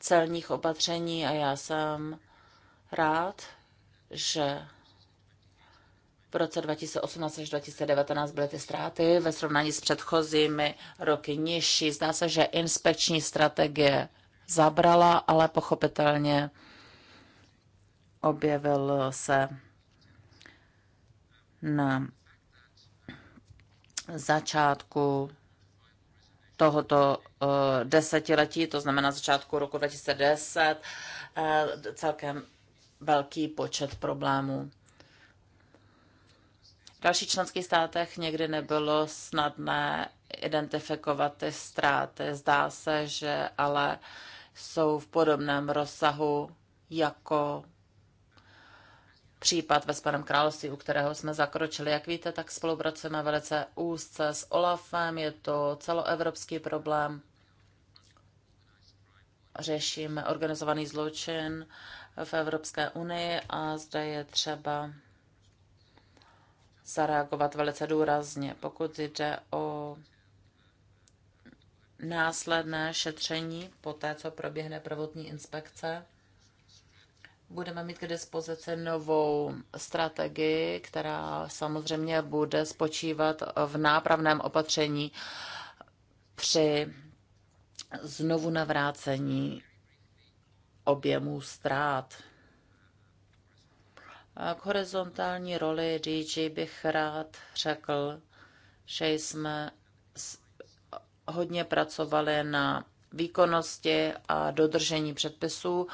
celních opatření a já jsem rád, že v roce 2018 až 2019 byly ty ztráty ve srovnání s předchozími roky nižší. Zdá se, že inspekční strategie zabrala, ale pochopitelně objevil se na začátku tohoto eh, desetiletí, to znamená začátku roku 2010, eh, celkem velký počet problémů. V dalších členských státech někdy nebylo snadné identifikovat ty ztráty. Zdá se, že ale jsou v podobném rozsahu jako případ ve Spojeném království, u kterého jsme zakročili. Jak víte, tak spolupracujeme velice úzce s OLAFem, je to celoevropský problém. Řešíme organizovaný zločin v Evropské unii a zde je třeba zareagovat velice důrazně. Pokud jde o následné šetření po té, co proběhne prvotní inspekce, budeme mít k dispozici novou strategii, která samozřejmě bude spočívat v nápravném opatření při znovu navrácení objemů ztrát. A k horizontální roli DJ bych rád řekl, že jsme hodně pracovali na výkonnosti a dodržení předpisů.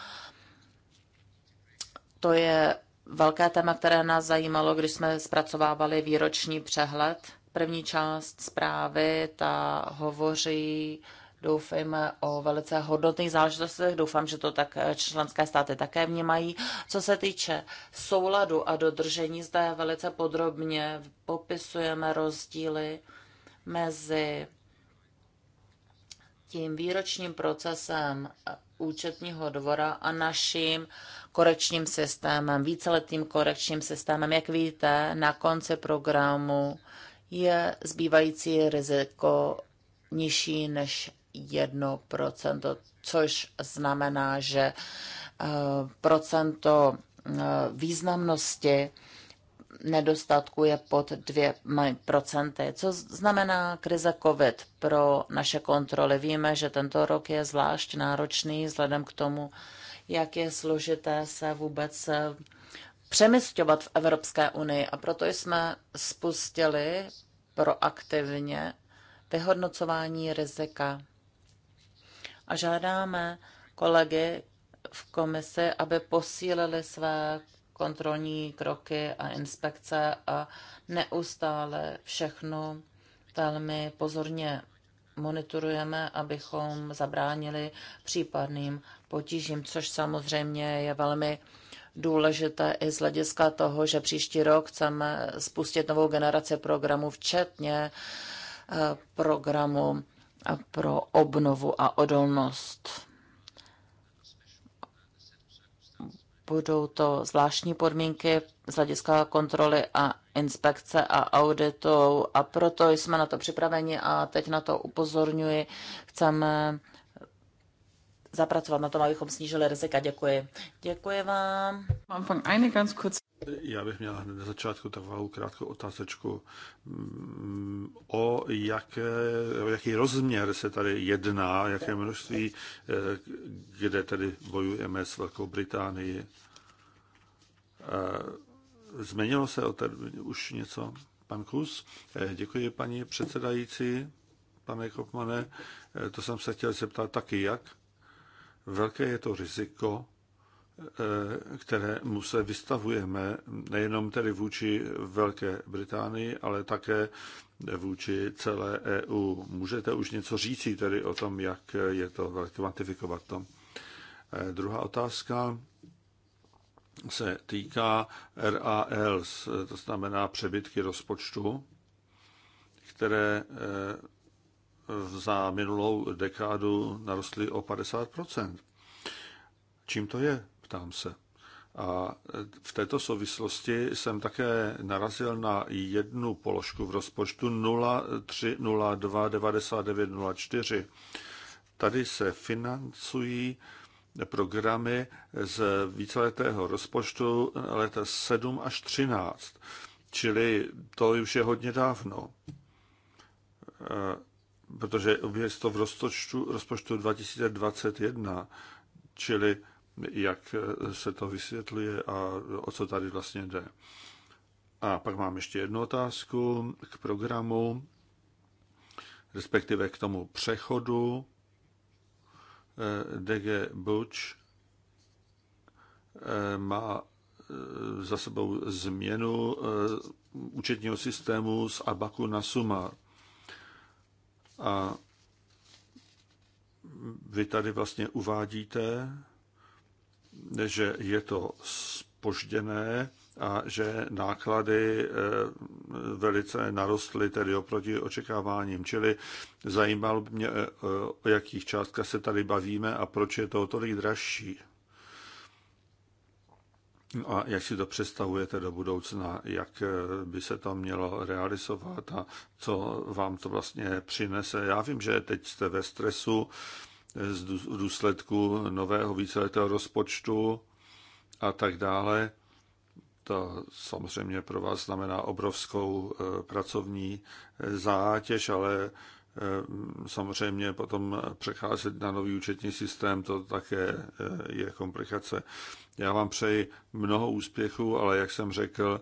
To je velké téma, které nás zajímalo, když jsme zpracovávali výroční přehled. První část zprávy, ta hovoří doufejme o velice hodnotných záležitostech. Doufám, že to tak členské státy také vnímají. Co se týče souladu a dodržení, zde velice podrobně popisujeme rozdíly mezi tím výročním procesem účetního dvora a naším korekčním systémem, víceletým korekčním systémem. Jak víte, na konci programu je zbývající riziko nižší než 1%, což znamená, že eh, procento eh, významnosti nedostatku je pod 2%, co znamená krize COVID pro naše kontroly. Víme, že tento rok je zvlášť náročný vzhledem k tomu, jak je složité se vůbec eh, přemysťovat v Evropské unii. A proto jsme spustili proaktivně vyhodnocování rizika. A žádáme kolegy v komisi, aby posílili své kontrolní kroky a inspekce a neustále všechno velmi pozorně monitorujeme, abychom zabránili případným potížím, což samozřejmě je velmi důležité i z hlediska toho, že příští rok chceme spustit novou generaci programů, včetně eh, programu eh, pro obnovu a odolnost. Budou to zvláštní podmínky z hlediska kontroly a inspekce a auditu a proto jsme na to připraveni a teď na to upozorňuji. Chceme zapracovat na tom, abychom snížili rizika. Děkuji. Děkuji vám. Mám eine ganz kurz. Já bych měl hned na začátku takovou krátkou otázečku. Mm, o, jaké, o jaký rozměr se tady jedná, jaké množství, eh, kde tady bojujeme s Velkou Británií? Eh, změnilo se o tady už něco? Pan Kus, eh, děkuji paní předsedající, pane Kopmane, to jsem se chtěl zeptat taky, jak? velké je to riziko, eh, které mu se vystavujeme nejenom tedy vůči Velké Británii, ale také vůči celé EU. Můžete už něco říci tedy o tom, jak je to kvantifikovat to? Eh, druhá otázka se týká RALs, to znamená přebytky rozpočtu, které eh, za minulou dekádu narostly o 50 Čím to je, ptám se. A v této souvislosti jsem také narazil na jednu položku v rozpočtu 03029904. Tady se financují programy z víceletého rozpočtu let 7 až 13, čili to už je hodně dávno protože je to v rozpočtu, rozpočtu 2021, čili jak se to vysvětluje a o co tady vlastně jde. A pak mám ještě jednu otázku k programu, respektive k tomu přechodu eh, DG Buč eh, má eh, za sebou změnu účetního systému z Abaku na Sumar. A vy tady vlastně uvádíte, že je to spožděné a že náklady eh, velice narostly tedy oproti očekáváním. Čili zajímalo by mě, eh, o jakých částkách se tady bavíme a proč je to tolik dražší. No a jak si to představujete do budoucna, jak eh, by se to mělo realizovat a co vám to vlastně přinese? Já vím, že teď jste ve stresu eh, z důsledku nového víceletého rozpočtu a tak dále. To samozřejmě pro vás znamená obrovskou eh, pracovní zátěž, ale Ehm, samozřejmě potom přecházet na nový účetní systém, to také eh, je komplikace. Já vám přeji mnoho úspěchů, ale jak jsem řekl,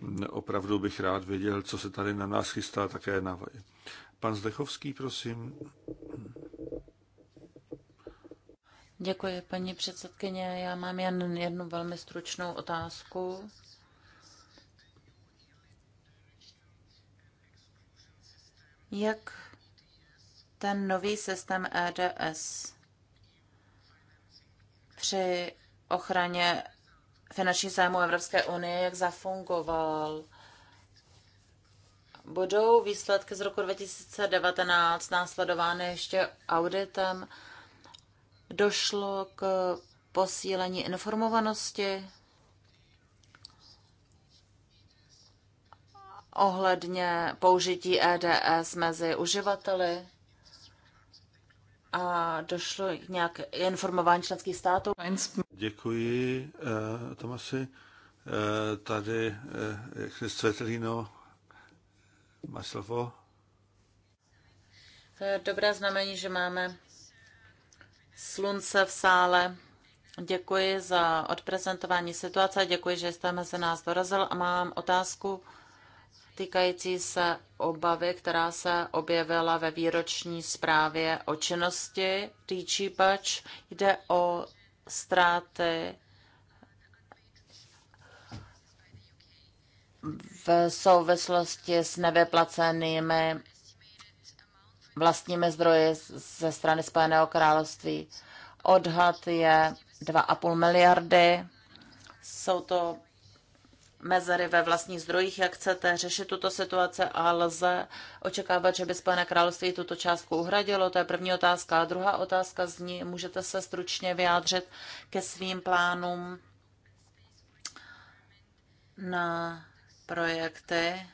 mm, opravdu bych rád věděl, co se tady na nás chystá také na vaj. Pan Zdechovský, prosím. Děkuji, paní předsedkyně. Já mám jen jednu velmi stručnou otázku. Jak ten nový systém EDS při ochraně finanční zájmu Evropské unie, jak zafungoval. Budou výsledky z roku 2019 následovány ještě auditem. Došlo k posílení informovanosti ohledně použití EDS mezi uživateli a došlo k nějak informování členských států. Děkuji, eh, Tomasi. Eh, tady eh, Svetlino Maslovo. To je dobré znamení, že máme slunce v sále. Děkuji za odprezentování situace, děkuji, že jste mezi nás dorazil a mám otázku týkající se obavy, která se objevila ve výroční zprávě o činnosti DG Batch. Jde o ztráty v souvislosti s nevyplacenými vlastními zdroji ze strany Spojeného království. Odhad je 2,5 miliardy. Jsou to mezery ve vlastních zdrojích, jak chcete řešit tuto situaci a lze očekávat, že by Spojené království tuto částku uhradilo? To je první otázka. A druhá otázka zní, můžete se stručně vyjádřit ke svým plánům na projekty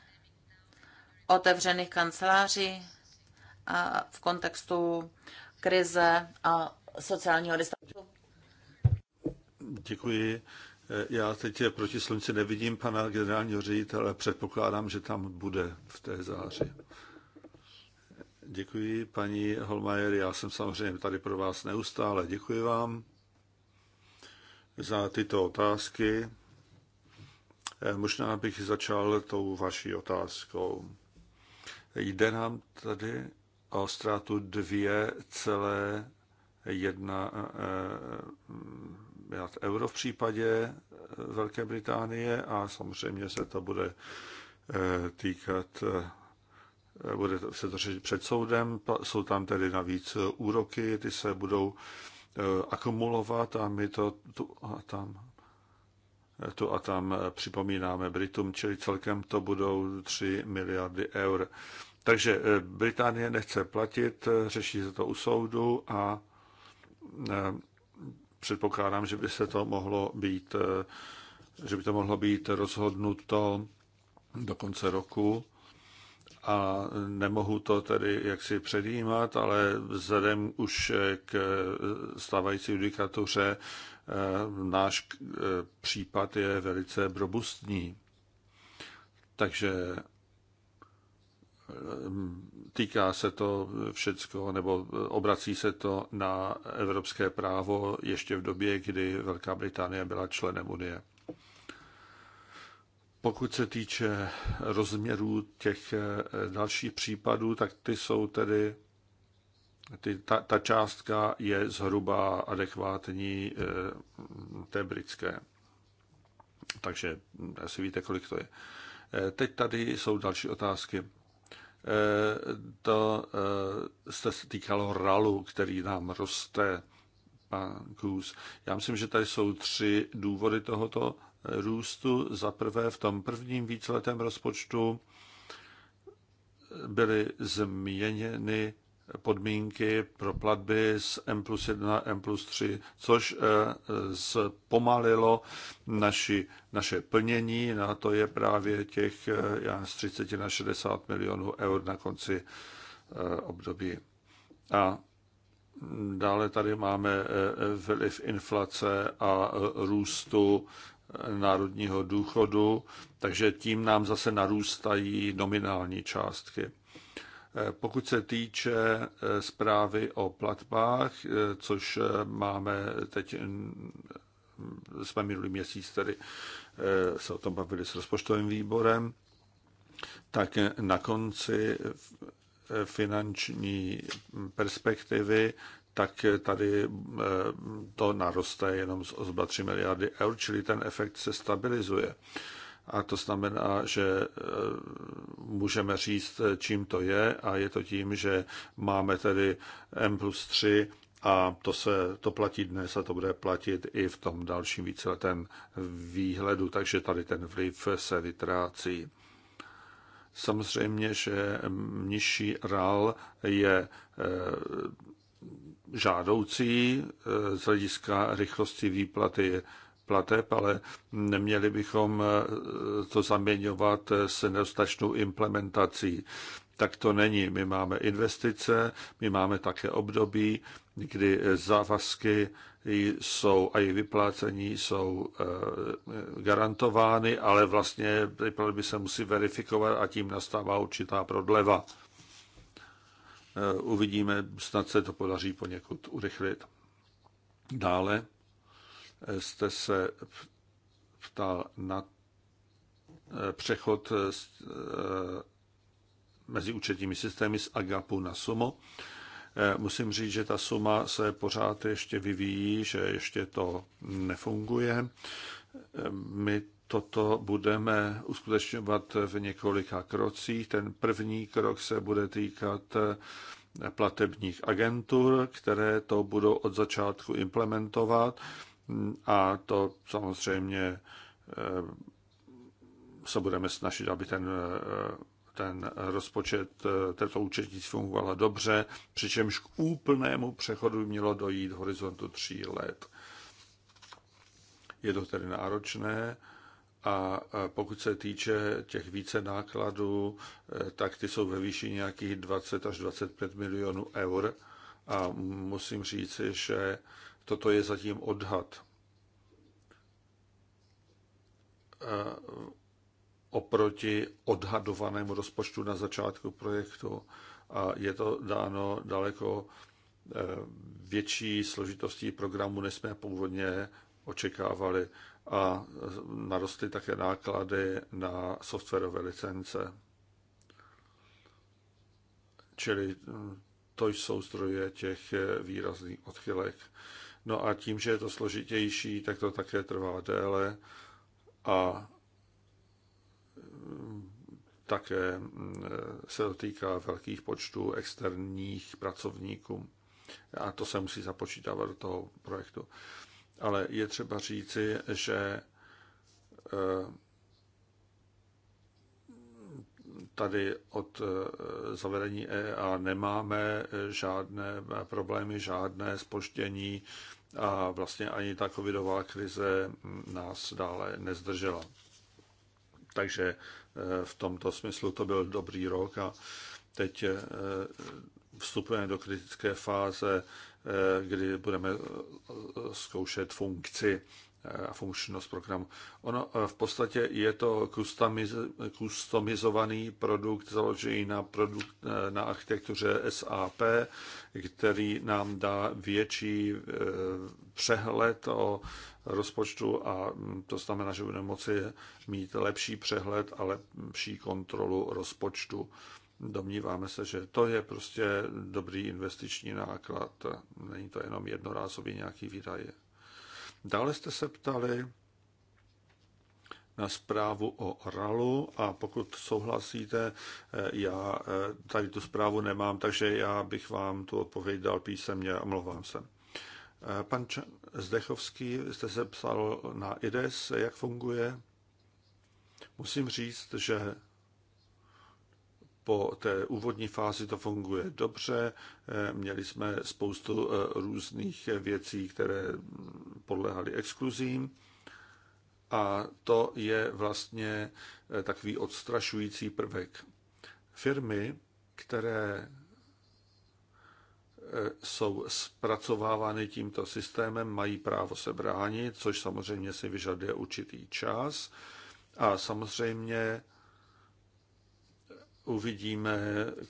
otevřených kanceláří a v kontextu krize a sociálního distancu? Děkuji. Já teď proti slunci nevidím pana generálního ředitele, předpokládám, že tam bude v té záři. Děkuji, paní Holmajer. Já jsem samozřejmě tady pro vás neustále. Děkuji vám za tyto otázky. Eh, možná bych začal tou vaší otázkou. Jde nám tady o ztrátu 2,1 miliard euro v případě eh, Velké Británie a samozřejmě se to bude eh, týkat, eh, bude se to řešit před soudem, jsou tam tedy navíc úroky, ty se budou akumulovat a my to tu a tam tu a tam připomínáme Britům, čili celkem to budou 3 miliardy eur. Takže Británie nechce platit, řeší se to u soudu a předpokládám, že by se to mohlo být, eh, že by to mohlo být rozhodnuto do konce roku a nemohu to tedy jaksi předjímat, ale vzhledem už eh, k eh, stávající judikatuře náš případ je velice robustní. Takže týká se to všecko, nebo obrací se to na evropské právo ještě v době, kdy Velká Británie byla členem Unie. Pokud se týče rozměrů těch eh, dalších případů, tak ty jsou tedy, ty, ta, ta částka je zhruba adekvátní eh, té britské. Takže asi víte, kolik to je. Eh, teď tady jsou další otázky. Eh, to eh, se týkalo ralu, který nám roste, pan kůz. Já myslím, že tady jsou tři důvody tohoto eh, růstu. Za prvé, v tom prvním víceletém rozpočtu byly změněny podmínky pro platby z M plus 1 M plus 3, což zpomalilo eh, naši, naše plnění, na no to je právě těch eh, já, z 30 na 60 milionů eur na konci eh, období. A dále tady máme vliv inflace a růstu národního důchodu, takže tím nám zase narůstají nominální částky. Pokud se týče eh, zprávy o platbách, eh, což eh, máme teď, jsme minulý měsíc tady se o tom bavili s rozpočtovým výborem, tak na konci finanční perspektivy, tak tady to naroste jenom z 3 miliardy eur, čili ten efekt se stabilizuje. A to znamená, že e, můžeme říct, e, čím to je a je to tím, že máme tedy M plus 3 a to se to platí dnes a to bude platit i v tom dalším víceletém výhledu, takže tady ten vliv se vytrácí. Samozřejmě, že nižší RAL je e, žádoucí z hlediska rychlosti výplaty plateb, ale neměli bychom eh, to zaměňovat eh, s nedostačnou implementací. Tak to není. My máme investice, my máme také období, kdy eh, závazky jsou a i vyplácení jsou garantovány, ale vlastně ty by se musí verifikovat a tím nastává určitá prodleva. Uvidíme, snad se to podaří poněkud urychlit. Dále jste se ptal na eh, přechod eh, mezi účetními systémy z Agapu na Sumo. Eh, musím říct, že ta suma se pořád ještě vyvíjí, že ještě to nefunguje. My toto budeme uskutečňovat v několika krocích. Ten první krok se bude týkat platebních agentur, které to budou od začátku implementovat a to samozřejmě eh, se budeme snažit, aby ten, eh, ten rozpočet, eh, této účetní fungovala dobře, přičemž k úplnému přechodu mělo dojít v horizontu tří let. Je to tedy náročné a pokud se týče těch více nákladů, tak ty jsou ve výši nějakých 20 až 25 milionů eur a musím říci, že Toto je zatím odhad. Oproti odhadovanému rozpočtu na začátku projektu. A je to dáno daleko e, větší složitostí programu, než jsme původně očekávali. A narostly také náklady na softwarové licence. Čili mm, to jsou zdroje těch e, výrazných odchylek. No a tím, že je to složitější, tak to také trvá déle a mm, také mm, se dotýká velkých počtů externích pracovníků. A to se musí započítávat do toho projektu. Ale je třeba říci, že eh, tady od eh, zavedení EA nemáme žádné problémy, žádné spoždění, a vlastně ani ta covidová krize nás dále nezdržela. Takže e, v tomto smyslu to byl dobrý rok a teď e, vstupujeme do kritické fáze, e, kdy budeme zkoušet funkci a funkčnost programu. Ono eh, v podstatě je to customizovaný produkt založený na, produkt, eh, na architektuře SAP, který nám dá větší eh, přehled o rozpočtu a hm, to znamená, že budeme moci mít lepší přehled a lepší kontrolu rozpočtu. Domníváme se, že to je prostě dobrý investiční náklad, není to jenom jednorázový nějaký výdaj. Dále jste se ptali na zprávu o RALu a pokud souhlasíte, eh, já eh, tady tu zprávu nemám, takže já bych vám tu odpověď dal písemně, omlouvám se. Eh, pan Zdechovský, jste se psal na IDES, jak funguje? Musím říct, že po té úvodní fázi to funguje dobře. Eh, měli jsme spoustu eh, různých eh, věcí, které mm, podlehaly exkluzím. A to je vlastně takový odstrašující prvek. Firmy, které jsou zpracovávány tímto systémem, mají právo se bránit, což samozřejmě si vyžaduje určitý čas. A samozřejmě uvidíme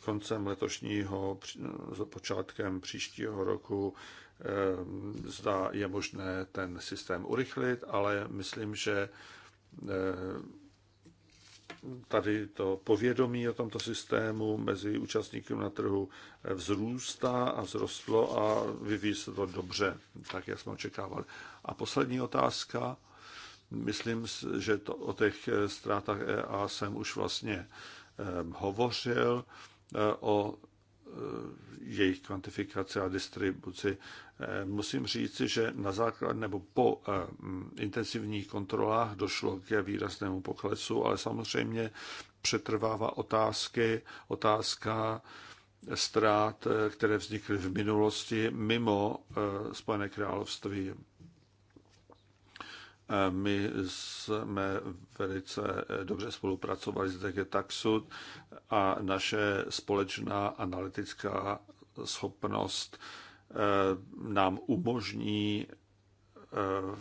koncem letošního, počátkem příštího roku, eh, zda je možné ten systém urychlit, ale myslím, že eh, tady to povědomí o tomto systému mezi účastníky na trhu eh, vzrůstá a vzrostlo a vyvíjí se to dobře, tak jak jsme očekávali. A poslední otázka. Myslím, že to, o těch ztrátách EA jsem už vlastně Eh, hovořil eh, o eh, jejich kvantifikaci a distribuci. Musím říci, že na základ nebo po intenzivních kontrolách došlo k výraznému poklesu, ale samozřejmě přetrvává otázky, otázka ztrát, které vznikly v minulosti mimo Spojené království. My jsme velice dobře spolupracovali s DG Taxud a naše společná analytická schopnost eh, nám umožní eh,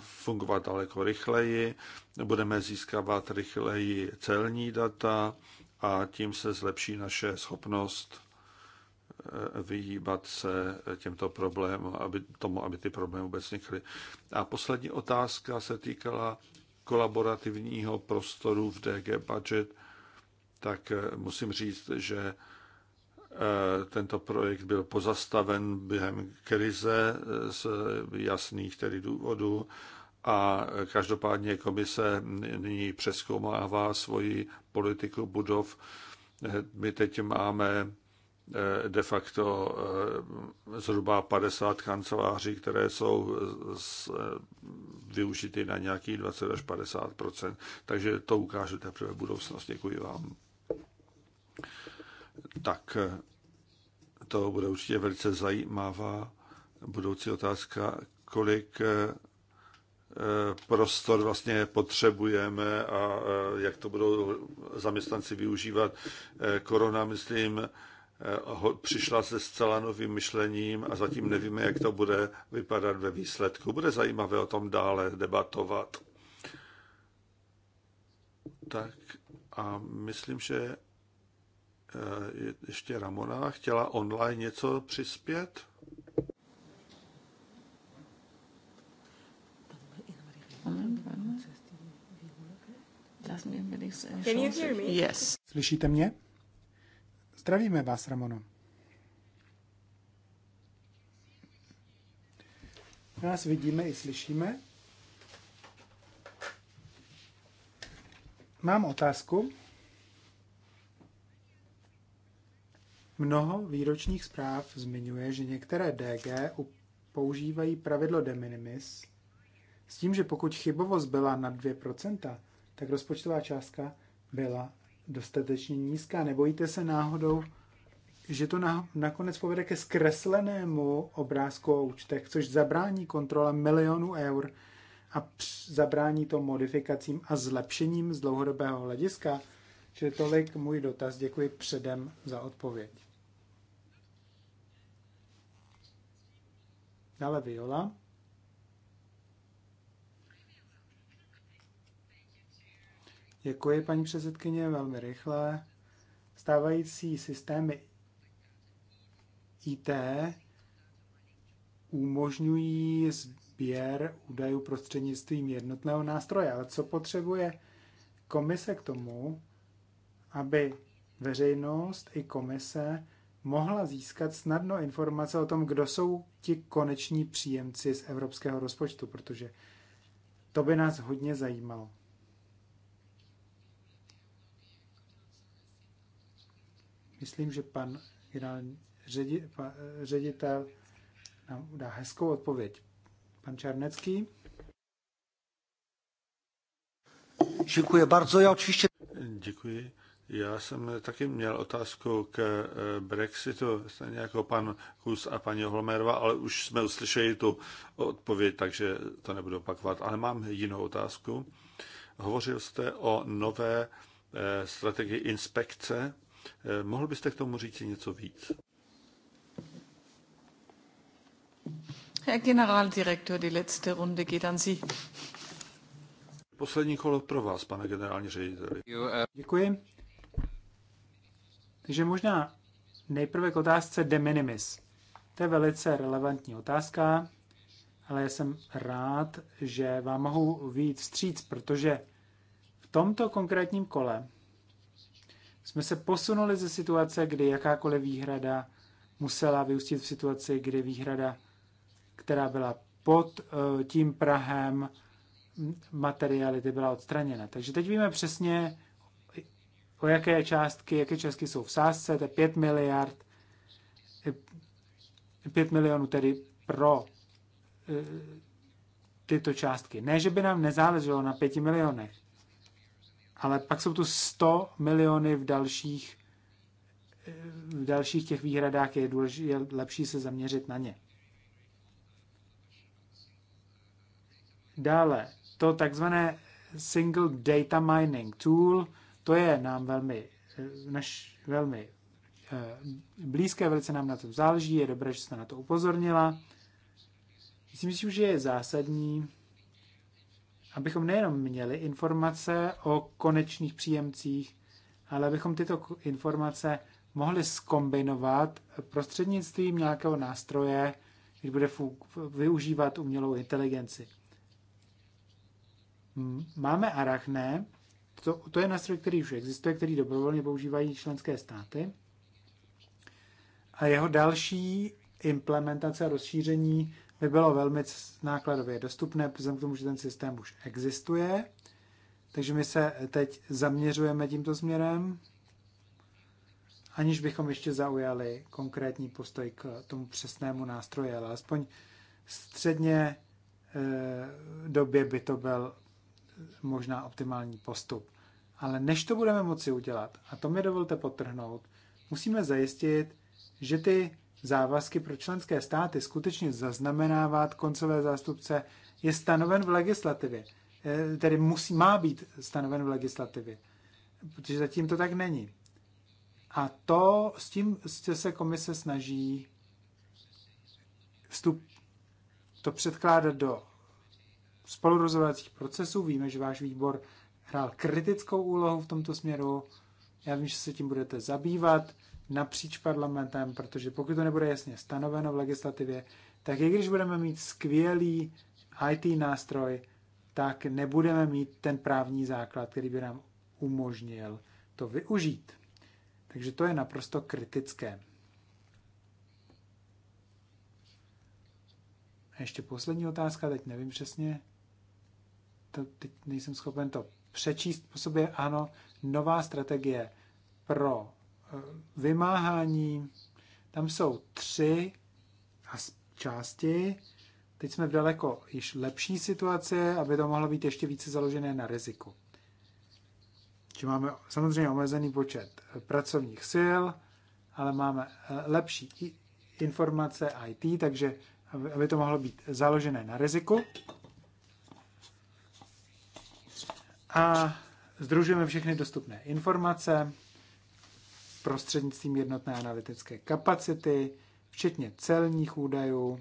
fungovat daleko rychleji, budeme získávat rychleji celní data a tím se zlepší naše schopnost vyhýbat se těmto problémům, aby, tomu, aby ty problémy vůbec vznikly. A poslední otázka se týkala kolaborativního prostoru v DG Budget, tak eh, musím říct, že eh, tento projekt byl pozastaven během krize eh, z jasných tedy důvodů a každopádně komise nyní přeskoumává svoji politiku budov. My teď máme Eh, de facto eh, zhruba 50 kanceláří, které jsou z, eh, využity na nějaký 20 až 50 Takže to ukážu teprve budoucnost. Děkuji vám. Tak to bude určitě velice zajímavá budoucí otázka, kolik prostor vlastně potřebujeme a jak to budou zaměstnanci využívat. Korona, myslím, Eh, přišla se zcela novým myšlením a zatím nevíme, jak to bude vypadat ve výsledku. Bude zajímavé o tom dále debatovat. Tak a myslím, že eh, ještě Ramona chtěla online něco přispět. Can you hear me? Yes. Slyšíte mě? Zdravíme vás, Ramono. Nás vidíme i slyšíme. Mám otázku. Mnoho výročních zpráv zmiňuje, že některé DG používají pravidlo de minimis s tím, že pokud chybovost byla na 2%, tak rozpočtová částka byla dostatečně nízká. Nebojíte se náhodou, že to na, nakonec povede ke zkreslenému obrázku o účtech, což zabrání kontrole milionů eur a zabrání to modifikacím a zlepšením z dlouhodobého hlediska? Čili tolik můj dotaz. Děkuji předem za odpověď. Dále Viola. Děkuji, paní předsedkyně, velmi rychle. Stávající systémy IT umožňují sběr údajů prostřednictvím jednotného nástroje. Ale co potřebuje komise k tomu, aby veřejnost i komise mohla získat snadno informace o tom, kdo jsou ti koneční příjemci z evropského rozpočtu, protože to by nás hodně zajímalo. Myslím, že pan generální ředi, pa, ředitel nám dá hezkou odpověď. Pan Čarnecký. Děkuji bardzo. Já oczywiście... Děkuji. Já jsem taky měl otázku k eh, Brexitu, stejně jako pan Kus a paní Holmerva, ale už jsme uslyšeli tu odpověď, takže to nebudu opakovat. Ale mám jinou otázku. Hovořil jste o nové eh, strategii inspekce Eh, mohl byste k tomu říct něco víc? Herr Generaldirektor, die letzte Runde geht an Sie. Poslední kolo pro vás, pane generální řediteli. Eh, Děkuji. Takže možná nejprve k otázce de minimis. To je velice relevantní otázka, ale já jsem rád, že vám mohu víc vstříc, protože v tomto konkrétním kole jsme se posunuli ze situace, kdy jakákoliv výhrada musela vyústit v situaci, kdy výhrada, která byla pod eh, tím Prahem materiality, byla odstraněna. Takže teď víme přesně, o jaké částky, jaké částky jsou v sázce, to je 5 miliard, 5 eh, milionů tedy pro eh, tyto částky. Ne, že by nám nezáleželo na 5 milionech, ale pak jsou tu 100 miliony v dalších, v dalších těch výhradách, je, důlež, je lepší se zaměřit na ně. Dále, to takzvané Single Data Mining Tool, to je nám velmi, naš, velmi eh, blízké, velice nám na to záleží, je dobré, že jste na to upozornila. Myslím si, že je zásadní, abychom nejenom měli informace o konečných příjemcích, ale abychom tyto informace mohli skombinovat prostřednictvím nějakého nástroje, který bude využívat umělou inteligenci. Máme Arachne, to, to je nástroj, který už existuje, který dobrovolně používají členské státy. A jeho další implementace a rozšíření by bylo velmi nákladově dostupné, vzhledem k tomu, že ten systém už existuje. Takže my se teď zaměřujeme tímto směrem, aniž bychom ještě zaujali konkrétní postoj k tomu přesnému nástroji, ale aspoň středně eh, době by to byl možná optimální postup. Ale než to budeme moci udělat, a to mi dovolte potrhnout, musíme zajistit, že ty závazky pro členské státy skutečně zaznamenávat koncové zástupce, je stanoven v legislativě. Eh, tedy musí, má být stanoven v legislativě, protože zatím to tak není. A to s tím se komise snaží vstup, to předkládat do spolurozhodovacích procesů. Víme, že váš výbor hrál kritickou úlohu v tomto směru. Já vím, že se tím budete zabývat napříč parlamentem, protože pokud to nebude jasně stanoveno v legislativě, tak i když budeme mít skvělý IT nástroj, tak nebudeme mít ten právní základ, který by nám umožnil to využít. Takže to je naprosto kritické. A ještě poslední otázka, teď nevím přesně, to, teď nejsem schopen to přečíst po sobě. Ano, nová strategie pro vymáhání. Tam jsou tři části. Teď jsme v daleko již lepší situace, aby to mohlo být ještě více založené na riziku. Či máme samozřejmě omezený počet pracovních sil, ale máme eh, lepší informace IT, takže aby to mohlo být založené na riziku. A združujeme všechny dostupné informace, prostřednictvím jednotné analytické kapacity, včetně celních údajů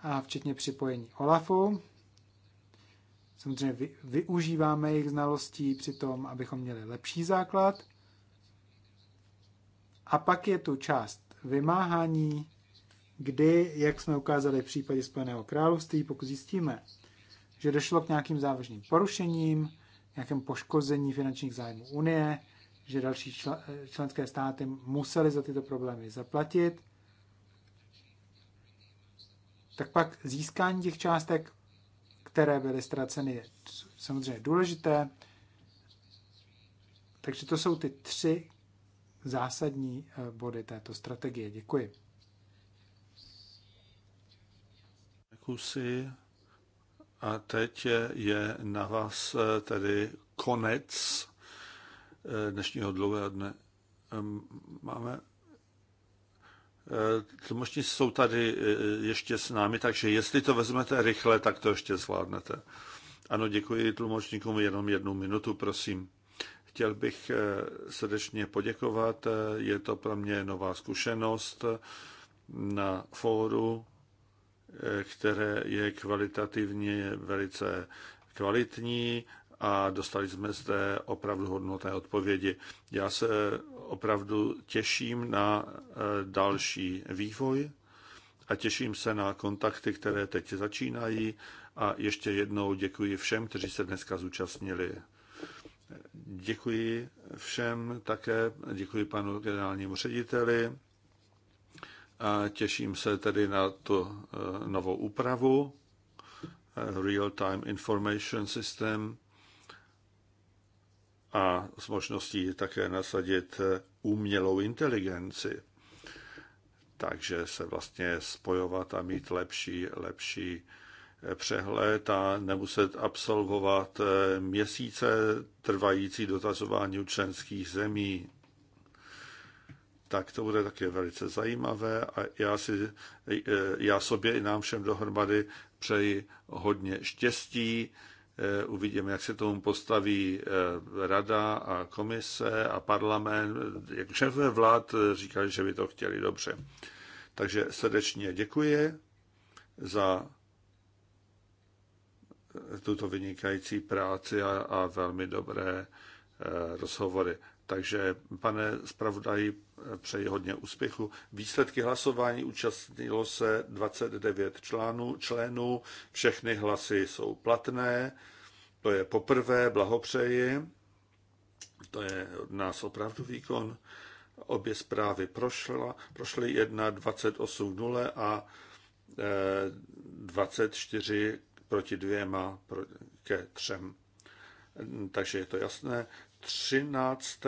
a včetně připojení OLAFu. Samozřejmě využíváme jejich znalostí při tom, abychom měli lepší základ. A pak je tu část vymáhání, kdy, jak jsme ukázali v případě Spojeného království, pokud zjistíme, že došlo k nějakým závažným porušením, nějakém poškození finančních zájmů Unie, že další čl členské státy musely za tyto problémy zaplatit, tak pak získání těch částek, které byly ztraceny, je samozřejmě důležité. Takže to jsou ty tři zásadní eh, body této strategie. Děkuji. Kusy. A teď je na vás eh, tedy konec Eh, dnešního dlouhého dne. Máme eh, Tlumočníci jsou tady eh, ještě s námi, takže jestli to vezmete rychle, tak to ještě zvládnete. Ano, děkuji tlumočníkům jenom jednu minutu, prosím. Chtěl bych srdečně poděkovat, je to pro mě nová zkušenost na fóru, které je kvalitativně velice kvalitní a dostali jsme zde opravdu hodnotné odpovědi. Já se opravdu těším na e, další vývoj a těším se na kontakty, které teď začínají a ještě jednou děkuji všem, kteří se dneska zúčastnili. Děkuji všem také, děkuji panu generálnímu řediteli a těším se tedy na tu e, novou úpravu e, Real Time Information System a s možností také nasadit umělou inteligenci. Takže se vlastně spojovat a mít lepší, lepší eh, přehled a nemuset absolvovat eh, měsíce trvající dotazování u členských zemí. Tak to bude také velice zajímavé a já, si, eh, já sobě i nám všem dohromady přeji hodně štěstí Eh, uvidíme, jak se tomu postaví eh, rada a komise a parlament. Jak šéfové vlád eh, říkali, že by to chtěli dobře. Takže srdečně děkuji za tuto vynikající práci a, a velmi dobré rozhovory. Takže, pane zpravodaji, přeji hodně úspěchu. Výsledky hlasování účastnilo se 29 článů, členů. Všechny hlasy jsou platné. To je poprvé, blahopřeji. To je od nás opravdu výkon. Obě zprávy prošla, prošly 1, 28 0 a 24 eh, proti dvěma, ke třem. Takže je to jasné. 13.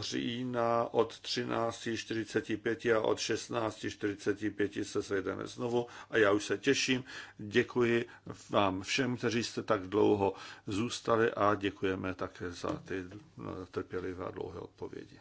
října od 13.45 a od 16.45 se sejdeme znovu a já už se těším. Děkuji vám všem, kteří jste tak dlouho zůstali a děkujeme také za ty no, trpělivé a dlouhé odpovědi.